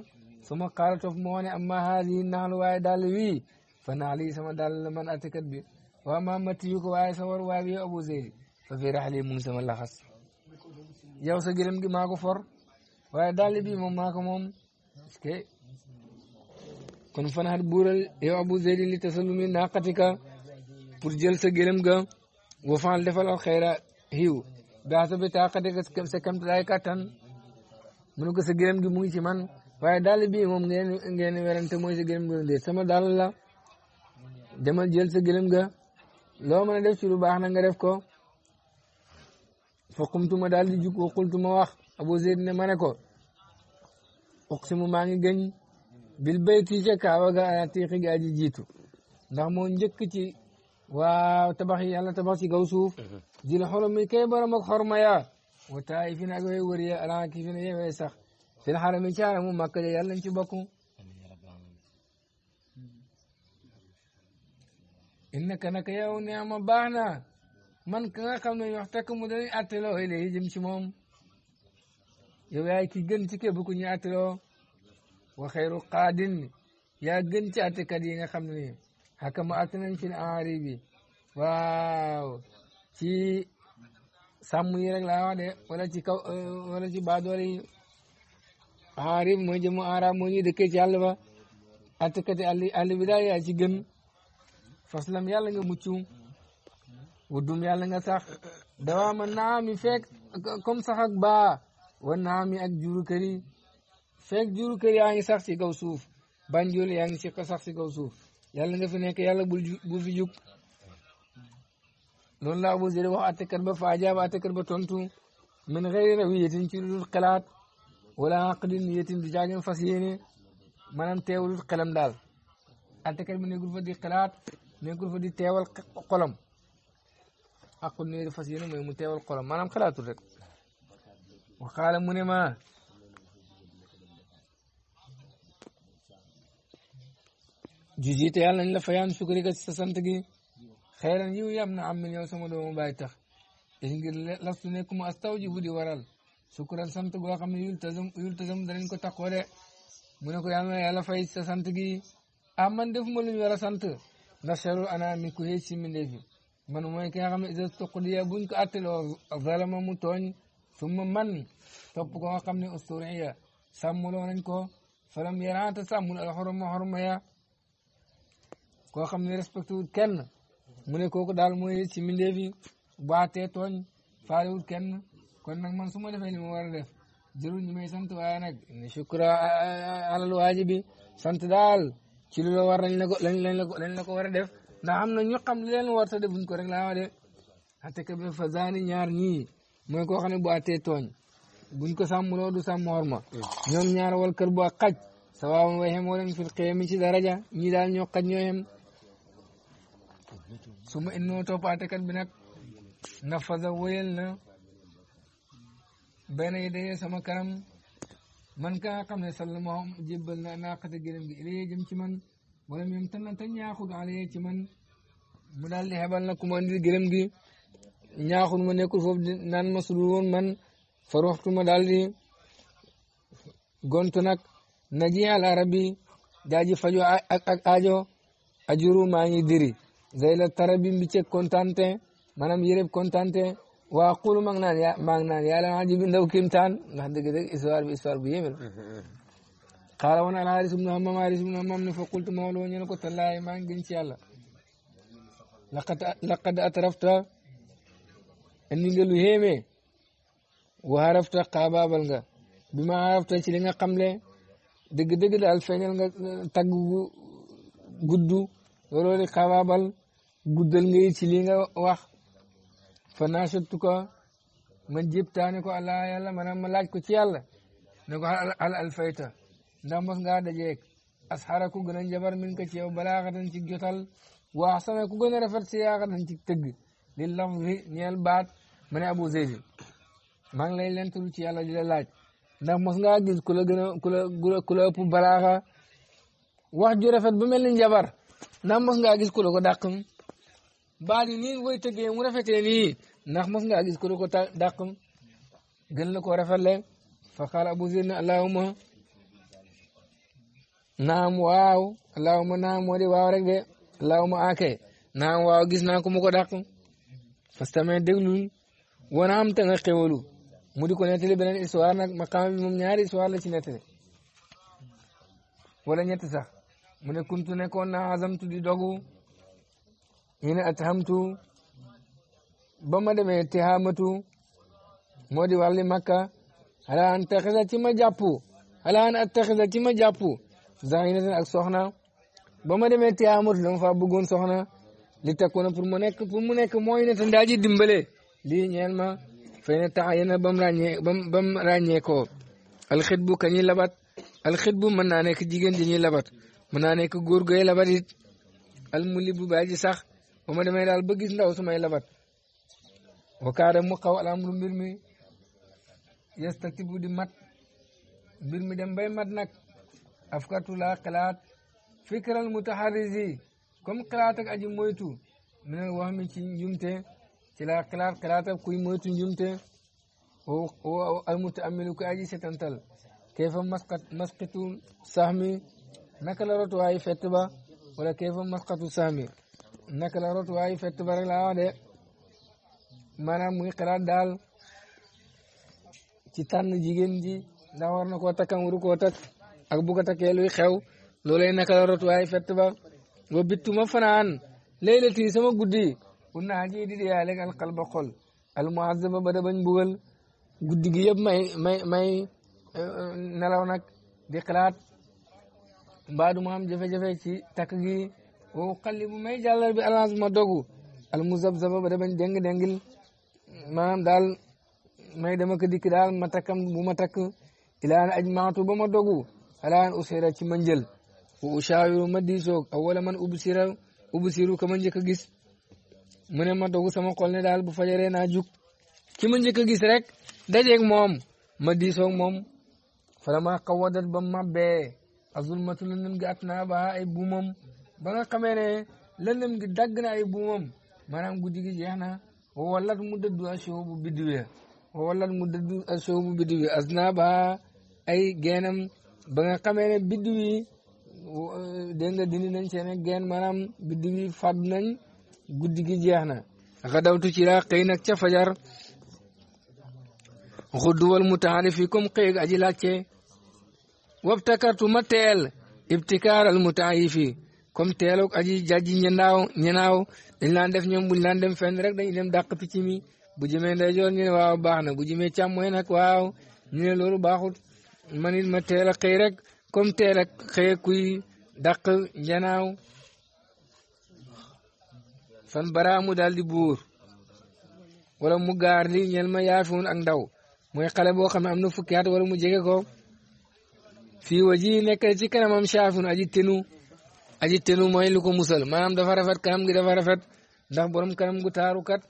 su ma xaala tof moo ne amma haadihi naalu waaye dàll wii fa naal yi sama dàll la man attekat bi waa ma matti yu ko waaye sa war waay bi yow abu zeydi fa fii raxli mu ngi sama laxas yow sa gërëm gi maa ko for waaye dàll bi moom maa ko moom kon fanaat buural yow abu zeydi li tasallumi naqatika pour jël sa gëlëm ga wafaal defal al xayra xiiw baasa bi taqatika sa kamtalaay kàttan mu ne ko sa gëlëm gi mu ci man waaye daal bii moom ngeen ngeen werante mooy sa gëlëm ga sama daal la demal jël sa gëlëm ga loo mën a def ci lu baax na nga def ko fa xumtuma daal di jug wa xultuma wax abu zeydi ne ma ko uqsimu maa ngi gëñ bil bayti ca kaaba ga atiqi ga aji jiitu ndax moo njëkk ci waaw tabax yi yàlla tabax ci kaw suuf dil mhm. xorami kay borom ak xorma ya wa taayifin ak way wëriya alaakifin yewee sax fil xarami ci xaramu màkka ja yàlla nañ ci bokku innaka naka yow neema baax na man ka nga xam ne wax takk mu dañuy atteloo ilay jëm ci moom yow yaay ki gën ci képp ku ñu atteloo wa xayru qaadin yaa gën ci attekat yi nga xam ne ni xakama atte nañ fi enri bi waaw ci sàmm yi rek laa wax de wala ci kaw wala ci baadoole yi enri bi mooy jëmu enra moo ñuy dëkkee ci àll ba attekat yi àll àll bi daal yaa ci gën faslam yàlla nga mucc wuddum yàlla nga sax dawaama naami fekk comme sax ak baa wa naami ak juru kër fekk juru kër yaa ngi sax ci kaw suuf banjul yaa ngi ci sax ci kaw suuf yàlla nga fi nekk yàlla bul bu fi jug loolu la Abu Zar wax attekat ba faajaaba attekat ba tontu min xëyri rawiyatin ci lu dul xelaat wala aqdin niyatin du caagin fas yéene maanaam teewul xelam daal attekat bi nekkul fa di xelaat nekkul fa di teewal xolam aqul niyat fas yéene mooy mu teewal xolam maanaam xelaatul rek waxaala mu ne ma juji te yàlla nañ la fayaan sukari ka sa sant gi xëyran yiw yam na am min yow sama doomu bàyyi tax is ngir lastu nekk mu astawjibu di waral sukuran sant goo xam ne yul tasam yul tasam danañ ko ne ko yàlla na yàlla sa sant gi ah man defuma lu ñu a sant ndax charul ana mi ku xëy si mindee fi man mooy ki nga xam ne isa tuqdiya buñ ko atteloo zalama mu tooñ summa man topp ko nga xam ne usturiya sàmmuloo nañ ko falam yaraata sàmmul alxoroma xorma ya koo xam ne respecté wut kenn mu ne kooku daal mooy ci mbindeef bu àttee tooñ faale wut kenn kon nag man su ma defee ni a def jërul ñu may sant waaye nag ni shukra alal waajibi sant daal ci lu la war la ko lañ lañ la ko lañ la def ndax am na ñu xam li leen war te defuñ ko rek laa wax de ate ka bi fa zaani ñaar ñii mooy koo xam ne bu àttee tooñ buñ ko sàmmloo du sàmm horma ñoom ñaar wal kër bu ak xaj sawaawun way xem wala fi xiyami daraja ñii daal ñoo xaj ñoo xem suma ma in moo topp àttekat bi nag nafaza wóyal na benn yi dayee sama kanam man ka nga xam ne sallama jébbal na naaqata gëlëm gi ilayee jëm ci man wala même tan te ñaaxul alayee ci man mu daal di xebal na ku ma andil gëlëm gi ñaaxul ma nekkul foofu di naan ma sulul woon man far waxtu ma daal di gontu nag naji al arabi jaaji fajo ak ak ajuru maa ngi diri zayla tarabin bi ceeg kontante maanaam yërëb kontante waa xulu maa naan ya maa ngi naan yàlla naa jibi ndaw kimtaan ndax dëgg bi histoire la xaala mm-hmm, mm-hmm. woon alxaaris ibnu hammam xaaris ibnu hammam ne fa ma loo ñu ko tallaahi maa ngi gën ci yàlla laqad laqad atrafta indi nga lu yéeme wa harafta xaabaabal nga bi ma harafta ci li nga xamle dëgg dëgg nga tagg gu looloo di xabaabal guddal ngay ci li nga wax fa naasattu ko ma jibtaani ko allah yàlla maanaam ma laaj ko ci yàlla ne ko al alfayta ndax mos ngaa dajeeg asxara ku gën a njabar min ko ci yow balaa xatan ci jotal waax sama rafet si yaa xatan ci tëgg li lafzi ñeel baat ma ne abu zeydi maa ngi lay lentalu ci yàlla di laaj ndax mos ngaa gis ku la gën a ku wax ju rafet bu mel ni njabar ndax mos ngaa gis ku ko dàq baal yi nii way tëggee mu rafetee nii ndax mos ngaa gis ku ko dàq gën la ko rafetle fa xaal abu zir ne allahuma naam waaw allahuma naam moo di waaw rek de allahuma ake naam waaw gis naa ko mu ko dàq parce que tamit déglul wanaam te nga mu di ko nettali beneen histoire nag maqaam bi moom ñaari histoire la ci nettali wala ñett sax mu ne kuntu nekkoon na azamtu di dogu ina athamtu ba ma demee tihaamatu moo di wàlli makka ala an taxisa ci ma jàpp ala an attaxisa ci ma jàpp zainatan ak soxna ba ma demee tihaamatu dama fa bëggoon soxna li takkoona pour mu nekk pour mu nekk mooy ne te ndaaji dimbale lii ñeel ma fay na tax yéen a bam ràññee bam bam ràññee ko alxit bu kañuy labat alxit bu mën naa nekk jigéen ji ñuy labat ma naa nekk góor goy labat it al muli bu baaji sax ba ma demee daal ba gis ndaw su may labat wakaada mu xaw al amru mbir mi yastatibu di mat mbir mi dem bay mat nag afkatu laa xalaat fikral mutaharrisi comme xalaat ak aji moytu mi ne wax mi ci njumte ci laa xalaat xalaat kuy moytu njumte al mutaamilu ku aji setantal kayfa masqitu sax naka la rotuwaayu fett ba wala kayfa masqatu saami naka la rotuwaayu fett ba rek laa wax de maanaam muy xalaat daal ci tànn jigéen ji ndax war na koo takkam waru koo takk ak bu ko takkee luy xew loolee naka la rotuwaayu fett ba wa bittu ma fanaan laylati sama guddi un naa ji di diyaale ak alqalba xol almuazaba ba da bañ bugal guddi gi yëpp may may may eh, nelaw nag di xalaat mbaa du ma am jafe ci takk gi wow xalli bu may jàllar bi alance ma dogu al muzabzaba ba damañ déng déngil maanaam daal may dama ko dikk daal ma takkam bu ma takk ilaan ajmaatu ba ma dogu alaan usira ci ma njël wa ushawiru ma diisoog awala man ubsira ubsiru ka ma njëkk a gis mu ne ma dogu sama xol daal bu fajaree naa jug ki ma njëkk a gis rek dajeeg moom ma diisoog moom fala ma xawadat ba mabbee azulmatu lëndëm gi at naa ba ay buumam ba nga xamee gi dagg na ay buumam maanaam guddi gi jeex na walat mu dëddu asoo bu biddiw ya walat mu dëddu asoo bu biddiw ya as ba ay geenam ba nga xamee ne biddiw yi dégg nañ seen geen maanaam biddiw yi fàdd guddi gi jeex na xadawtu ci laa xëy nag ca fajar xudduwal mutaxarifi comme xëy aji laajte wabtakartu ma teel ibtikaar al mutaayifi comme teelog aji jajji ñenaaw ñenaaw dañ laan def ñoom buñ laan dem fenn rek dañu dem dàq picc mi bu jëmee ndeyjoor ñu ne waaw baax na bu jëmee càmmooy nag waaw ñu ne loolu baaxut man ma teel a xëy rek comme teel a xëy kuy dàq ñenaaw fan baraamu daal di buur wala mu gaar li ñel ma yaafiwun ak ndaw mooy xale boo xam ne am na fukki at wala mu jege ko fii waji nekk ci kanamam saafun aji tenu aji tenu mooy lu ko musal maanaam dafa rafet kanam gi dafa rafet ndax borom kanam gu taaru kat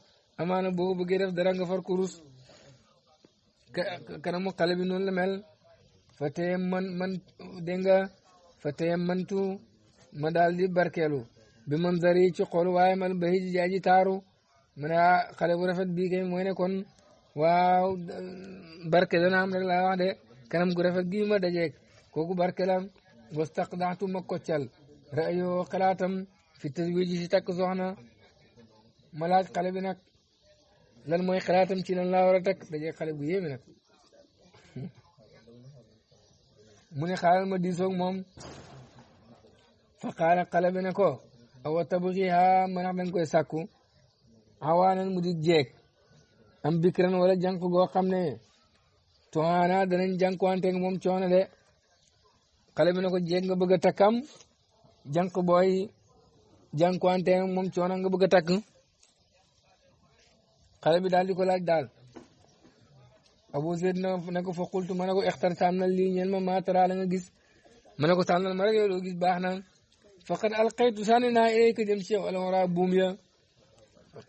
amaana boo bëggee def dara nga far ko rus kanamu xale bi noonu la mel fa teye man man dégg nga fa mantu ma daal di barkeelu bi man zari ci xool waaye man bahij ji aji taaru ma ne ah, xale bu rafet bii kay mooy kon waaw barke dana am rek laa wax kanam gu rafet gii ma dajeek kooku barke la wastaqdaatu ma koccal rayoo xalaatam fi tazwiji si takk soxna ma laaj xale bi nag lan mooy xalaatam ci lan laa war a takk daje xale bu yéeme nag mu ma diisoog moom fa xaala xale bi ne ko awa ma nax koy sàkku awaanan mu di jeeg am wala jànq goo xam ne toxaana danañ jànkuwanteeg moom coono de xale bi ne ko jéeg nga bëgg a takkam jànq booy jànkuwante moom coono nga bëgg a takk xale bi daal di ko laaj daal Abu Zayd ne ko fa xultu ma ne ko ixtar tànnal lii ñeen ma maatara la nga gis ma ne ko tànnal ma rek yow doo gis baax na faqad alqaytu sànni naa ilayka jëm ci yow alwara buum ya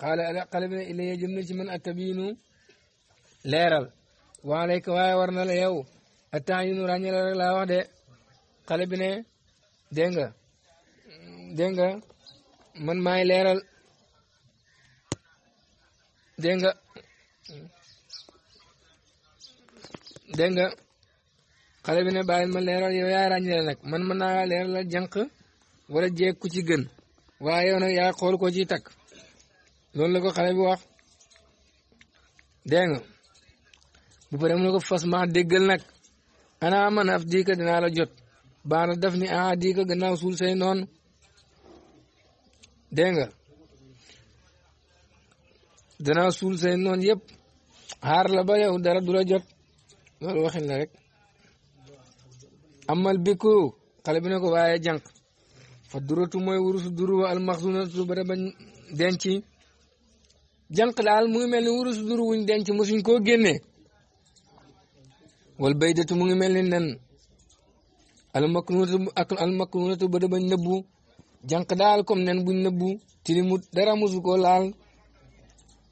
xaale xale bi ne ilaya jëm na ci man attabiinu leeral waalayka waaye war na la yow attaayinu ràññe la rek laa wax de qalbi ne dégg nga dégg nga man maay leeral dégg nga dégg nga xale bi ne bàyyi ma leeral yow yaa ràññee nag man mën naa leeral la jànq wala jeeg ku ci gën waaye yow nag yaa xool ko ci takk loolu la ko xale bi wax dégg nga bu paree mu ne ko fas maa déggal nag ana man af dii ka dinaa la jot baana daf ni ah di ko gannaaw suul say noonu dégg nga danaa suul say noon yëpp xaar la ba yow dara du la jot loolu waxin la rek amal bikku xale bi ne ko waaye jànq fa duratu mooy wurusu duru wa almaxsunatu ba bañ denc jànq daal mu ngi mel ni wurusu duru wuñ denc mosuñ koo génnee wal baydatu mu ngi mel nen almaknuunatu ak almaknuunatu ba da bañ nëbbu jànq daal comme nen buñ nëbbu tilimut dara musu koo laal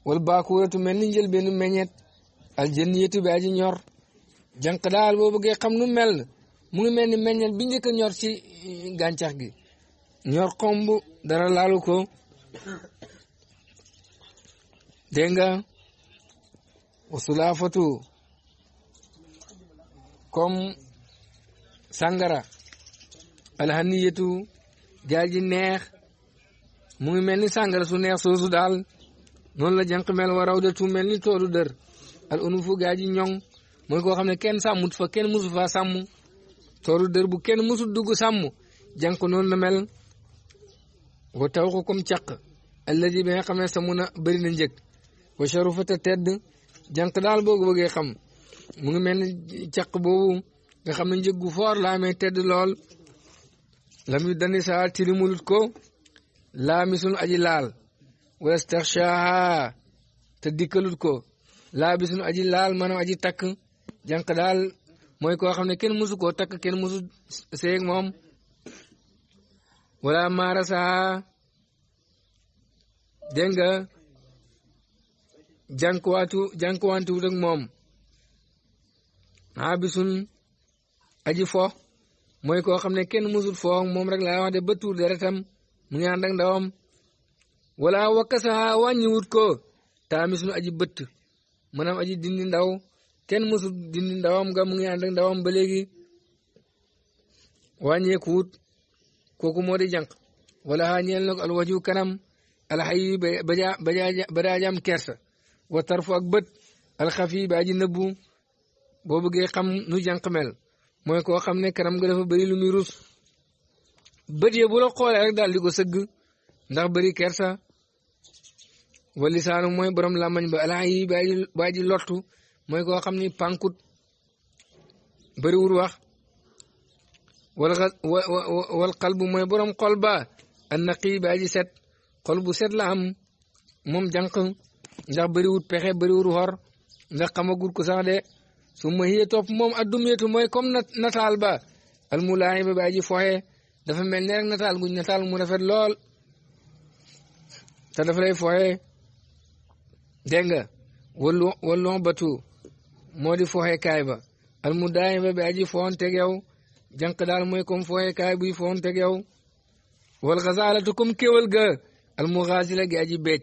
wal baakuuratu mel ni njëlbeenu meññet aljanniyatu bi aji ñor jànq daal boo bëggee xam nu mel mu ngi mel ni meññet bi njëkk ñor ci eh, gàncax gi ñor xomb dara laalu ko dégg nga wasulaafatu comme sàngara alhaniyatu jaal ji neex mu ngi mel ni sàngara su neex soosu daal noonu la janq mel wa rawdatu mel ni toolu dër al unufu gaa ji ñoŋ mooy koo xam ne kenn sàmmut fa kenn musu faa sàmm toolu dër bu kenn musu dugg sàmm jànq noonu la mel wa taw ko comme càq alladi bi nga xam ne sa mun a bëri na njëg wa te tedd jànq daal boo ko bëggee xam mu ngi mel ni càq boobu nga xam ne njëg gu foor la amee tedd lool lam yu dani ko laamisun aji laal wala staxshaaha te dikkalut ko laabisun aji laal maanaam aji takk jànq daal mooy koo xam ne kenn mësu koo takk kenn mësu seeg moom wala maarasaha dégg nga jànkuwaatu jànkuwaantiwut ak moom aabisun aji fo moy ko xamne kenn musul fo mom rek laa wax de ba de retam mu ngi ànd ak ndawam wala wakkasaha wut ko taamis nu aji bet, manam aji dindi ndaw kenn musul dindi ndawam ga mu ngi ànd ak ndawam ba léegi wàññeekuwut kooku koku modi jank wala ha ñel nak al alwaju kanam alxayi jam kersa wa tarfu ak bet, al ba aji nebu bo bëggee xam nu jank mel mooy ko xam ne kanam nga dafa bëri lu muy rus bët bu la xoolee rek daal di ko sëgg ndax bëri kersa wa lisaanu mooy borom làmmañ ba alaa yi baa lottu mooy koo xam ni pànkut bëriwul wax wal wal qalbu mooy borom xol ba an naqi baa ji set xol bu set la am moom jànq ndax bëriwut pexe bëriwul xor ndax xamagul ko sax de summa hiya topp moom addumiyatu mooy comme nataal ba al mulaahiba ba aji foxe dafa mel ne rek nataal guñ nataal mu rafet lool te dafa lay foxe dégg nga wallu wallu batu moo di foxe kaay ba al mudaahiba ba aji foxonteeg yow jànq daal mooy comme foxe kaay buy foxonteeg yow wal xasaalatu comme kéwal ga al muxaasila gi aji béej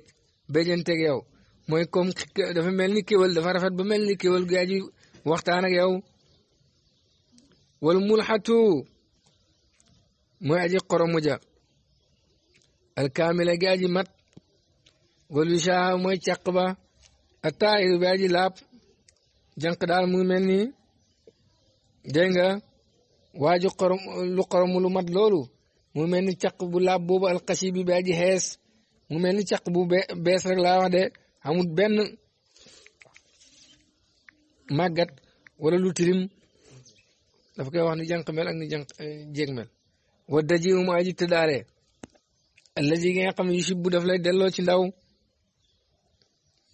béejanteeg yow mooy comme dafa mel ni kéwal dafa rafet ba mel ni kéwal gi aji waxtaan ak yow wal mulxatu mooy aji xoromu ja alkaamila gi aji mat wal wishaa mooy caq ba ak taayiru bi aji laab jànq daal mu ngi mel ni dégg nga waa ji xorom lu xoromu mat loolu mu mel ni caq bu laab boobu alxasi bi bi aji xees mu mel ni caq bu bees rek laa wax de amul benn màggat wala lu tilim dafa koy wax ni jànq mel ak ni jànq eh, jéeg mel wa daji mu aji tëddaaree allaji gi nga xam ne yusib bu daf lay delloo ci ndaw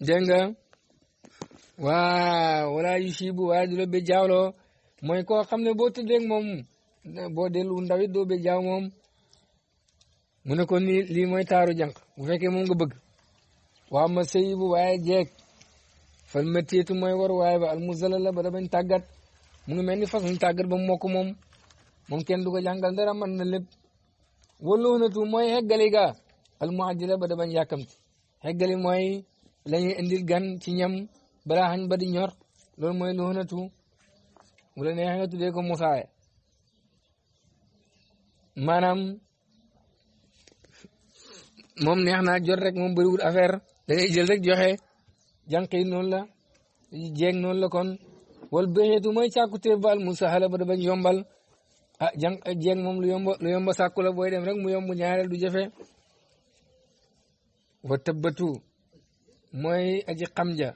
dégg nga waaw wala yusibu waaye du la be jaawloo mooy ko xam ne boo tëddeeg moom boo dellu ndaw it doo be jaaw moom mu ne ko nii lii mooy taaru jànq bu fekkee moom nga bëgg waaw ma sëyi bu waaye jeeg fal méttiitu mooy war waaye ba almuzalala ba da bañ tàggat mu ngi mel ni fas ñu tàggat ba mokk moom moom kenn du ko jàngal dara mën na lépp walloonatu mooy heggali ga almuajila ba da bañ yàkkamti heggali mooy la ñuy indil gan ci ñam balaa xañ ba di ñor loolu mooy loonatu ko musaaye maanaam moom neex naa jot rek moom bëriwul affaire da ngay jël rek joxe jànq yi noonu la jeeg noonu la kon wal béxeetu mooy càkku tébbal musahala ba da bañ yombal ah moom lu yomba lu la booy dem rek mu yomb ñaare du jafe wa tëbbatu mooy aji xam ja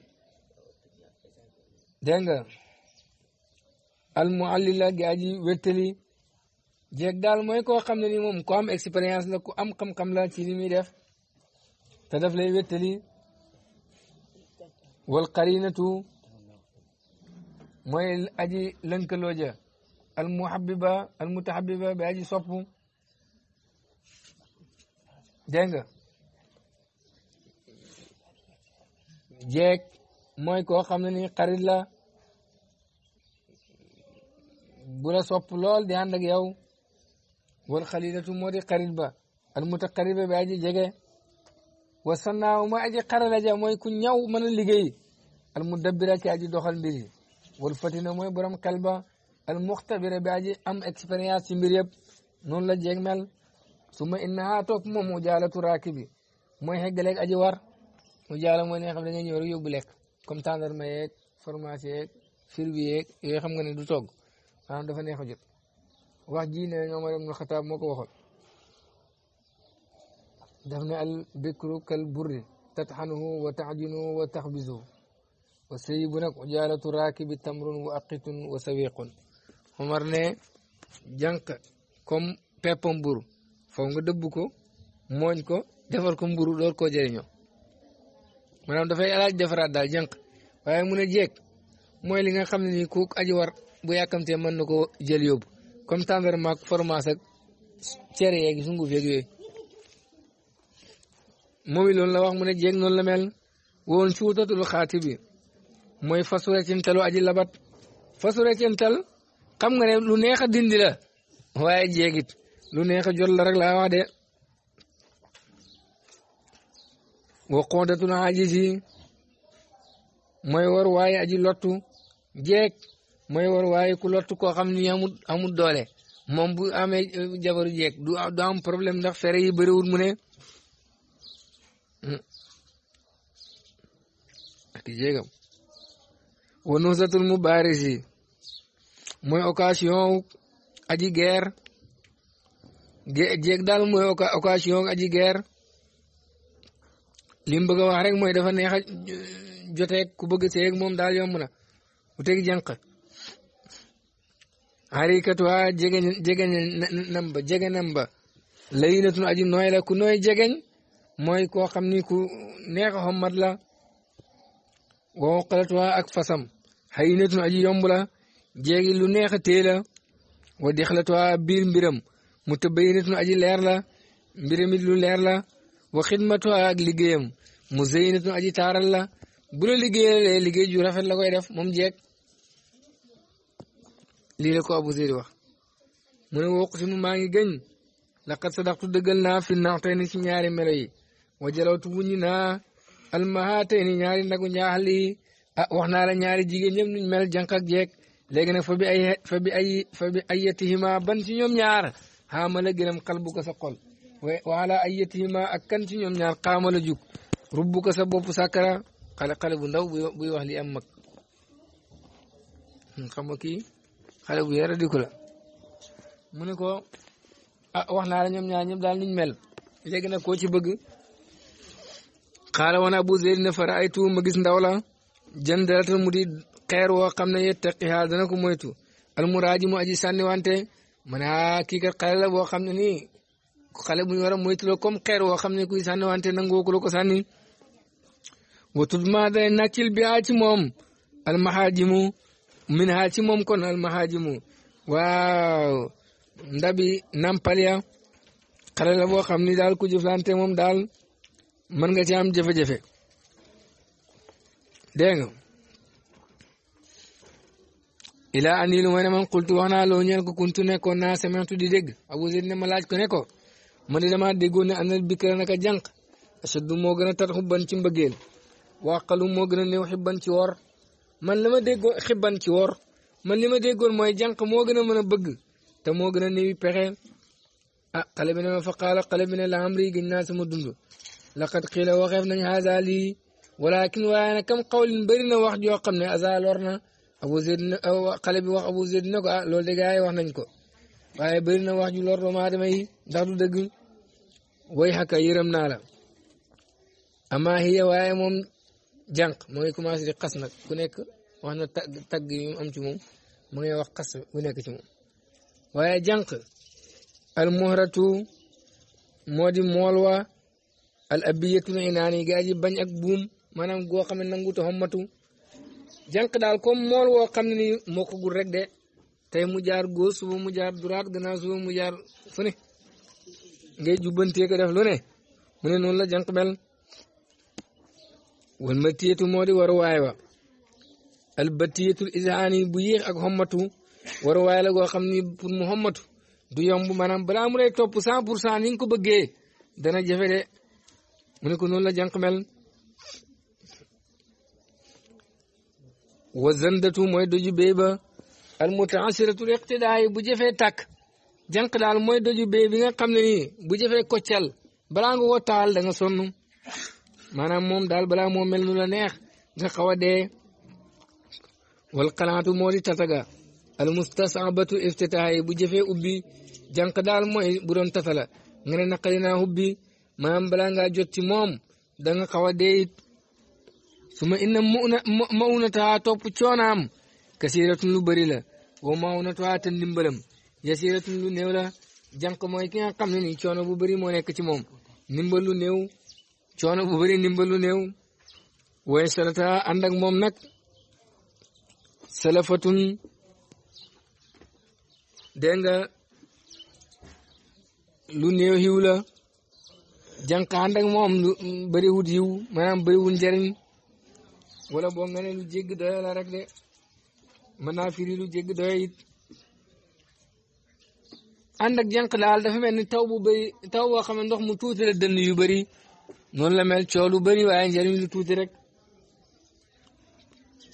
dégg nga al muallila gi aji wéttali jeeg daal mooy koo xam ne ni moom ku am expérience la ku am xam-xam la ci muy def te daf lay wéttali والقرينة موي أجي لنك لوجا المحببة المتحببة بأجي صفو دينغا جيك موي كو خمني قرين لا بلا صفو لول دي عندك يو والخليلة موري قرين با المتقربة بأجي جيكي وسناو ما أجي قرر لجا ما يكون يو من اللي المدبرة كي أجي دخل بيري والفتنة ما يبرم قلبا المختبرة بأجي أم إكسبرياسي مريب نون لا جيمل ثم إنها توك مو مجالة راكبي ما يهجلك أجي وار مجالة ما نيخم لجا نيوري يوب لك كم تاندر ما يك فرماسي يك فيربي يك يخم غني دوتوغ أنا دفن يخجر واحد جينا يوم يوم الخطاب موكو وخل daf ne al bikru kal burri tatxanuhu wa taxjinuhu wa taxbisuhu wa sayibu nag ujaalatu raakibi tamrun wa aqitun wa sawiqun xumar ne jànq comme peppa mburu faw nga dëbb ko mooñ ko defar ko mburu door ko jëriñoo maanaam dafay alaaj defaraat daal jànq waaye mun a jeeg mooy li nga xam ne nii ku aji bu yàkkamtee mën na ko jël yóbbu comme tàndarma ak fromage ak cere yeeg moo it loolu la wax mu ne jéeg noon la mel woon suutatul xaati bi mooy fasu recintalu aji labat fasu recintal xam nga ne lu neex a dindi la waaye jéegit lu neex a jot la rek laa wax de wa qondatul ajisi mooy war waaye aji lottu jeeg mooy war waaye ku lottu koo xam ni amul doole moom bu amee jabaru jeeg du am problème ndax fere yi bëriwul mu ne Mm. ak jéegam wa nusatul mubarisi mooy occasion aji geer jéeg daal mooy occasion aji geer li wax rek mooy dafa neex ku bëgg seeg moom daal yomb na bu teg jànq harikatuwa jegeñ jegeñ nam ba jegeñam ba layinatun aji nooy la ku nooy jegeñ mooy koo xam ni ku neex a la wow xalatuwaa ak fasam xëy netun aji yomb la jéegi lu neex a téye la wa biir mbiram mu tëbbayi netun aji leer la mbiram it lu leer la wa xidmatuwaa ak liggéeyam mu zëy netun aji taaral la bu la liggéeyalee liggéey ju rafet la koy def moom jeeg lii la ko Abu Zayd wax mu ne woo ko mu maa ngi gëñ laqad sadaqtu dëggal naa fi naax tey ni ci ñaari melo yi wa jalawtu wuññi naa almahaatayni ñaari nagu njaaxal yi ah wax naa la ñaari jigéen ñëpp nuñ mel jànq ak jeeg léegi nag fa bi ay fa bi ay fa bi ayatihima ban ci ñoom ñaar xaamala gërëm xalbu ko sa xol waala ayatihima ak kan ci ñoom ñaar xaamala jug rubbu ko sa bopp sàkkara xale bu ndaw buy wax li am mag hmm, xam nga xale bu yara di ko ne ko a ah, wax naa la ñoom ñaar ñëpp daal nuñ mel léegi nag koo ci bëgg xaala woon abu zeyd ne fara ay tu ma gis ndaw la jën daratal mu di xeer woo xam ne yettaqihaa dana moy moytu almuraaji mu aji sànni wante ma ne ah, kii kat xale boo xam ne nii xale bu ñu war a moytuloo comme xeer woo xam ne kuy sànni wante na ko la ko sànni watud ma day nàccil bi aa ci moom almahaajimu min haa ci moom kon almahaajimu waaw ndabi nampal ya xale la boo xam ni daal ku jëflante moom daal man nga ci am jafe-jafe dégg nga ilaa andi lu man xultu wax naa loo ñeel ko kuntu nekkoon naa sementu di dégg Abu Zayd ne ma laaj ko ne ko man de damaa déggoon ne anal bikra naka jànq ashaddu moo gën a tar xubban ci mbëggeel waqalu moo gën a néew xibban ci wor man li ma déggoon xibban ci wor man li ma déggoon mooy jànq moo gën a mën a bëgg te moo gën a pexe ah bi ne ma fa qaala xale bi ne la amri gën naa sama dund laqad xiila waxeef nañ haza lii walakin waaye nag kam xawlin bëri na wax joo xam ne aza lor na abu xale bi wax abu zeyd na ko ah loolu de gars wax nañ ko waaye bëri na wax ju lor doomu aadama yi ndax du dëgg way xaka yërëm naa la hiya waaye moom janq mu ngi commencé di xas nag ku nekk wax na tagg yu am ci moom mu ngi wax nekk ci moom waaye jànq al muhratu moo di al abiyatul inaani gaa ji bañ ak buum maanaam goo xam ne nangu te xommatu jànq daal kom mool woo xam ne nii moo ko de tey mu jaar góor suba mu jaar duraat gannaaw suba mu jaar fu ne ngay jubbantee ko def lu mu ne noonu la jànq mel wal matiyatu moo di waruwaay wa al batiyatul isaani bu yéex ak xommatu waruwaay la goo xam ni pour mu xommatu du yomb maanaam balaa mu topp cent pour cent ni nga ko bëggee dana jafe de mu ne ko noonu la jànq mel wa zandatu mooy doju béy ba al mutaasiratul iqtidaay bu jëfee tàkk janq daal mooy doju béy bi nga xam ne nii bu jëfee koccal balaa nga woo taal da nga sonn maanaam moom daal balaa moo mel nu la neex nga xaw a dee wal qanaatu moo di tataga al mustasabatu iftitaayi bu jëfee ubbi jànq daal mooy bu tatala nga ne naqari naa ubbi maanaam balaa ngaa jot ci moom da nga xaw a dee it su ma inna muna maunataa topp coonaam lu bari la wa maunataa te ndimbalam yasiratun lu néew la jànq mooy ki nga xam ne nii coono bu bëri moo nekk ci moom ndimbal lu néew coono bu ndimbal lu néew waaye salata ànd ak moom nag salafatun dégg nga lu néew xiw la jànq ànd ak moom lu bëriwut yiw maanaam bëriwul njëriñ wala boo nga ne lu jégg doyo la rek de mën naa firi lu jégg ak jànq daal dafa mel ni taw bu bëri taw boo xam ne ndox mu tuuti la dënn yu bëri noonu la mel coow lu bëri waaye njëriñ lu tuuti rek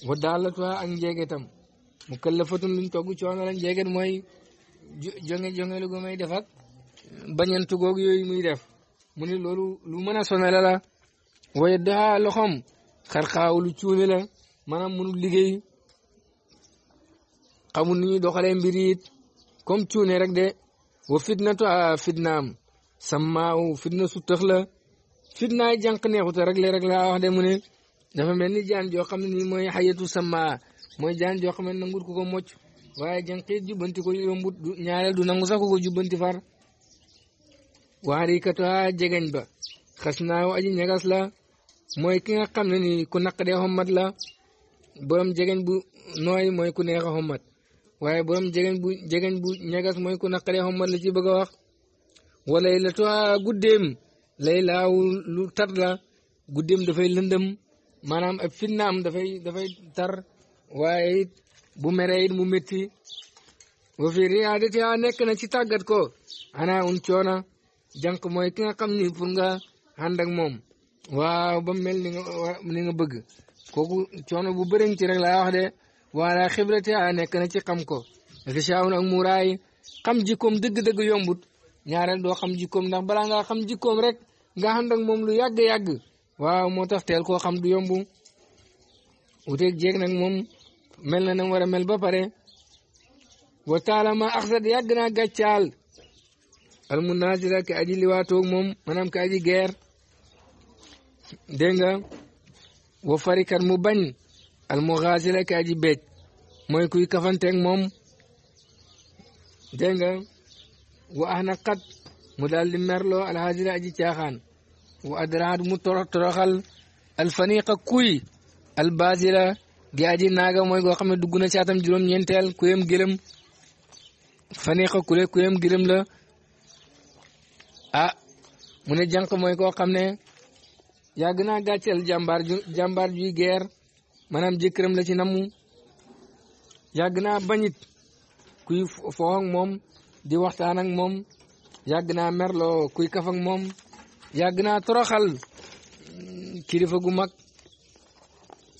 wa daalatuwaa ak njeegetam mu këllafatun luñ togg coono la njeeget mooy jonge jonge lu gu may def ak yooyu muy def mu ne loolu lu mën a sonal la waaye daa loxoom xarxaaw lu cuune la maanaam mënul liggéey xamul nu ñuy doxalee mbir yi comme cuune rek de wa fitnatu a fitnaam sammaaw fitna su tëx la fitnaay jànq neexuta rek le rek laa wax de mu ne dafa mel ni jaan joo xam ne nii mooy xayatu sammaa mooy jaan joo xam ne nangut ku ko mocc waaye jànq it jubbanti ko yombut ñaareel du nangu sax ku ko jubbanti far waarikatuha jegeñ ba xas naa aji ñagas la mooy ki nga xam ne nii ku naqdee xommat la borom jegeñ bu nooy mooy ku neex a xommat waaye borom jegeñ bu jegeñ mooy ku naqdee xommat la ci bëgg a wax wala la tuha guddeem lay laaw tar la guddeem dafay lëndëm maanaam ab fitnaam dafay dafay tar waaye it bu mere it mu métti wa fi riyaadatiha nekk na ci tàggat ko ana un coona jànq mooy ki nga xam ni pour nga ànd ak moom waaw ba mel ni nga ni nga bëgg kooku coono bu bëriñ ci rek laa wax de wala xibrate a nekk na ci xam ko richaaun ak muuraay xam jikkoom dëgg-dëgg yombut ñaareel doo xam jikkoom ndax balaa ngaa xam jikkoom rek nga ànd moom lu yàgg-yàgg waaw moo tax teel koo xam du yomb wuteeg jéeg nag moom mel na nam war a mel ba pare wa taala ma axsat yàgg naa al munasira ka aji liwaatoog moom maanaam ka aji guerre dégg nga wa farikat mu bañ al muxaasira ka aji beej mooy kuy kafanteeg moom dégg nga wa axnaqat mu daal di merloo alxaasira aji caaxaan wa adraat mu torox toroxal al faniqa kuy al basira gi aji naaga mooy goo xam ne dugg na caatam juróom-ñeenteel kuyam gëlëm faniqa kule kuyam gëlëm la ah mu ne jànq mooy koo xam ne yàgg naa gàcceel jàmbaar ju jàmbaar juy geer maanaam jëkkëram la ci namu yàgg naa bañit kuy foo ak moom di waxtaan moom yàgg naa merloo kuy kaf moom yàgg naa toroxal mm, kilifa gu mag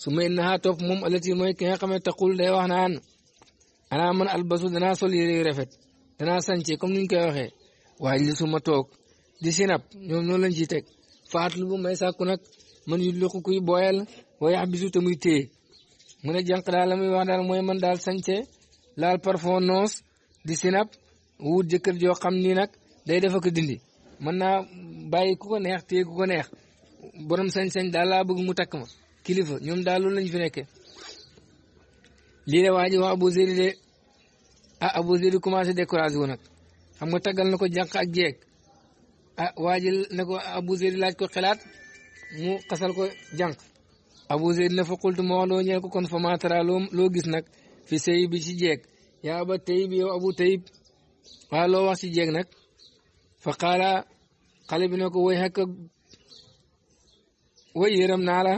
su ma innaha topp moom alati mooy ki nga xam ne taqul day wax naan ana man albasu danaa sol yére yu rafet danaa sance comme niñ koy waxee waaye li su toog di sinap ñoom noonu lañ ciy teg faatlu bu may sàkku nag man yu luqu kuy booyal waaye abisu te muy téye mu ne jànq daal la muy wax daal mooy man daal sañce laal performance di sinap wut jëkkër joo xam ni nag day defa ko dindi mën naa bàyyi ku ko neex téye ku ko neex borom sañ-sañ daal laa bëgg mu takk ma kilifa ñoom daal loolu lañ fi nekke lii la waa ji wax Abu Zéri de ah Abu Zéri commencé découragé wu nag xam nga taggal na ko jànq ak jeeg ah waa ji ne ko Abu Zayd laaj ko xalaat mu xasal ko jànq Abu Zayd ne fa wax loo ñeel ko loo loo gis nag fi sëy bi ci jeeg yaa aba tayib yow Abu Tayib waaw loo wax ci jeeg nag fa qaala xale bi ko way xakk way yërëm naa la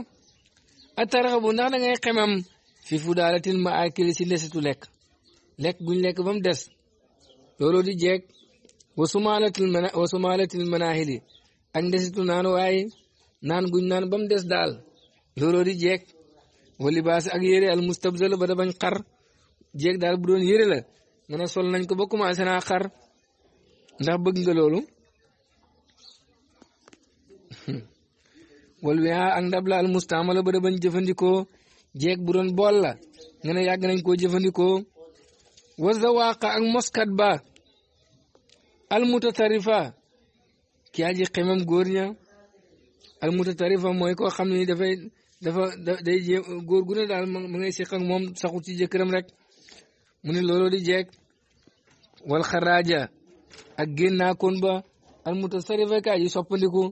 a taraxabu ndax da ngay xemam fi fu daalatin ma akili si desitu lekk lekk guñ lekk ba des looloo di jeeg wa sumaalatil mana wa sumaalatil manaahili ak ndesitu naan waaye naan guñ naan ba mu des daal looloo di jeeg wa libaas ak yére al mustabzal ba da bañ xar jeeg daal bu doon yére nga ne sol nañ ko ba commencé naa xar ndax bëgg nga loolu wal wi ak ndab la al mustaamala ba da bañ jëfandikoo jeeg bu doon bool la nga ne yàgg nañ koo jëfandikoo wa zawaaqa ak moskat ba almutatarifa ki aji xemam góor ña almutatarifa mooy koo xam ne dafay dafa day jé góor gu ne daal ma ngay siq ak moom saxu ci jëkkëram rek mu ne looloo di jeeg wal xaraaja ak génnaakoon ba almutasarifa ka aji soppandiku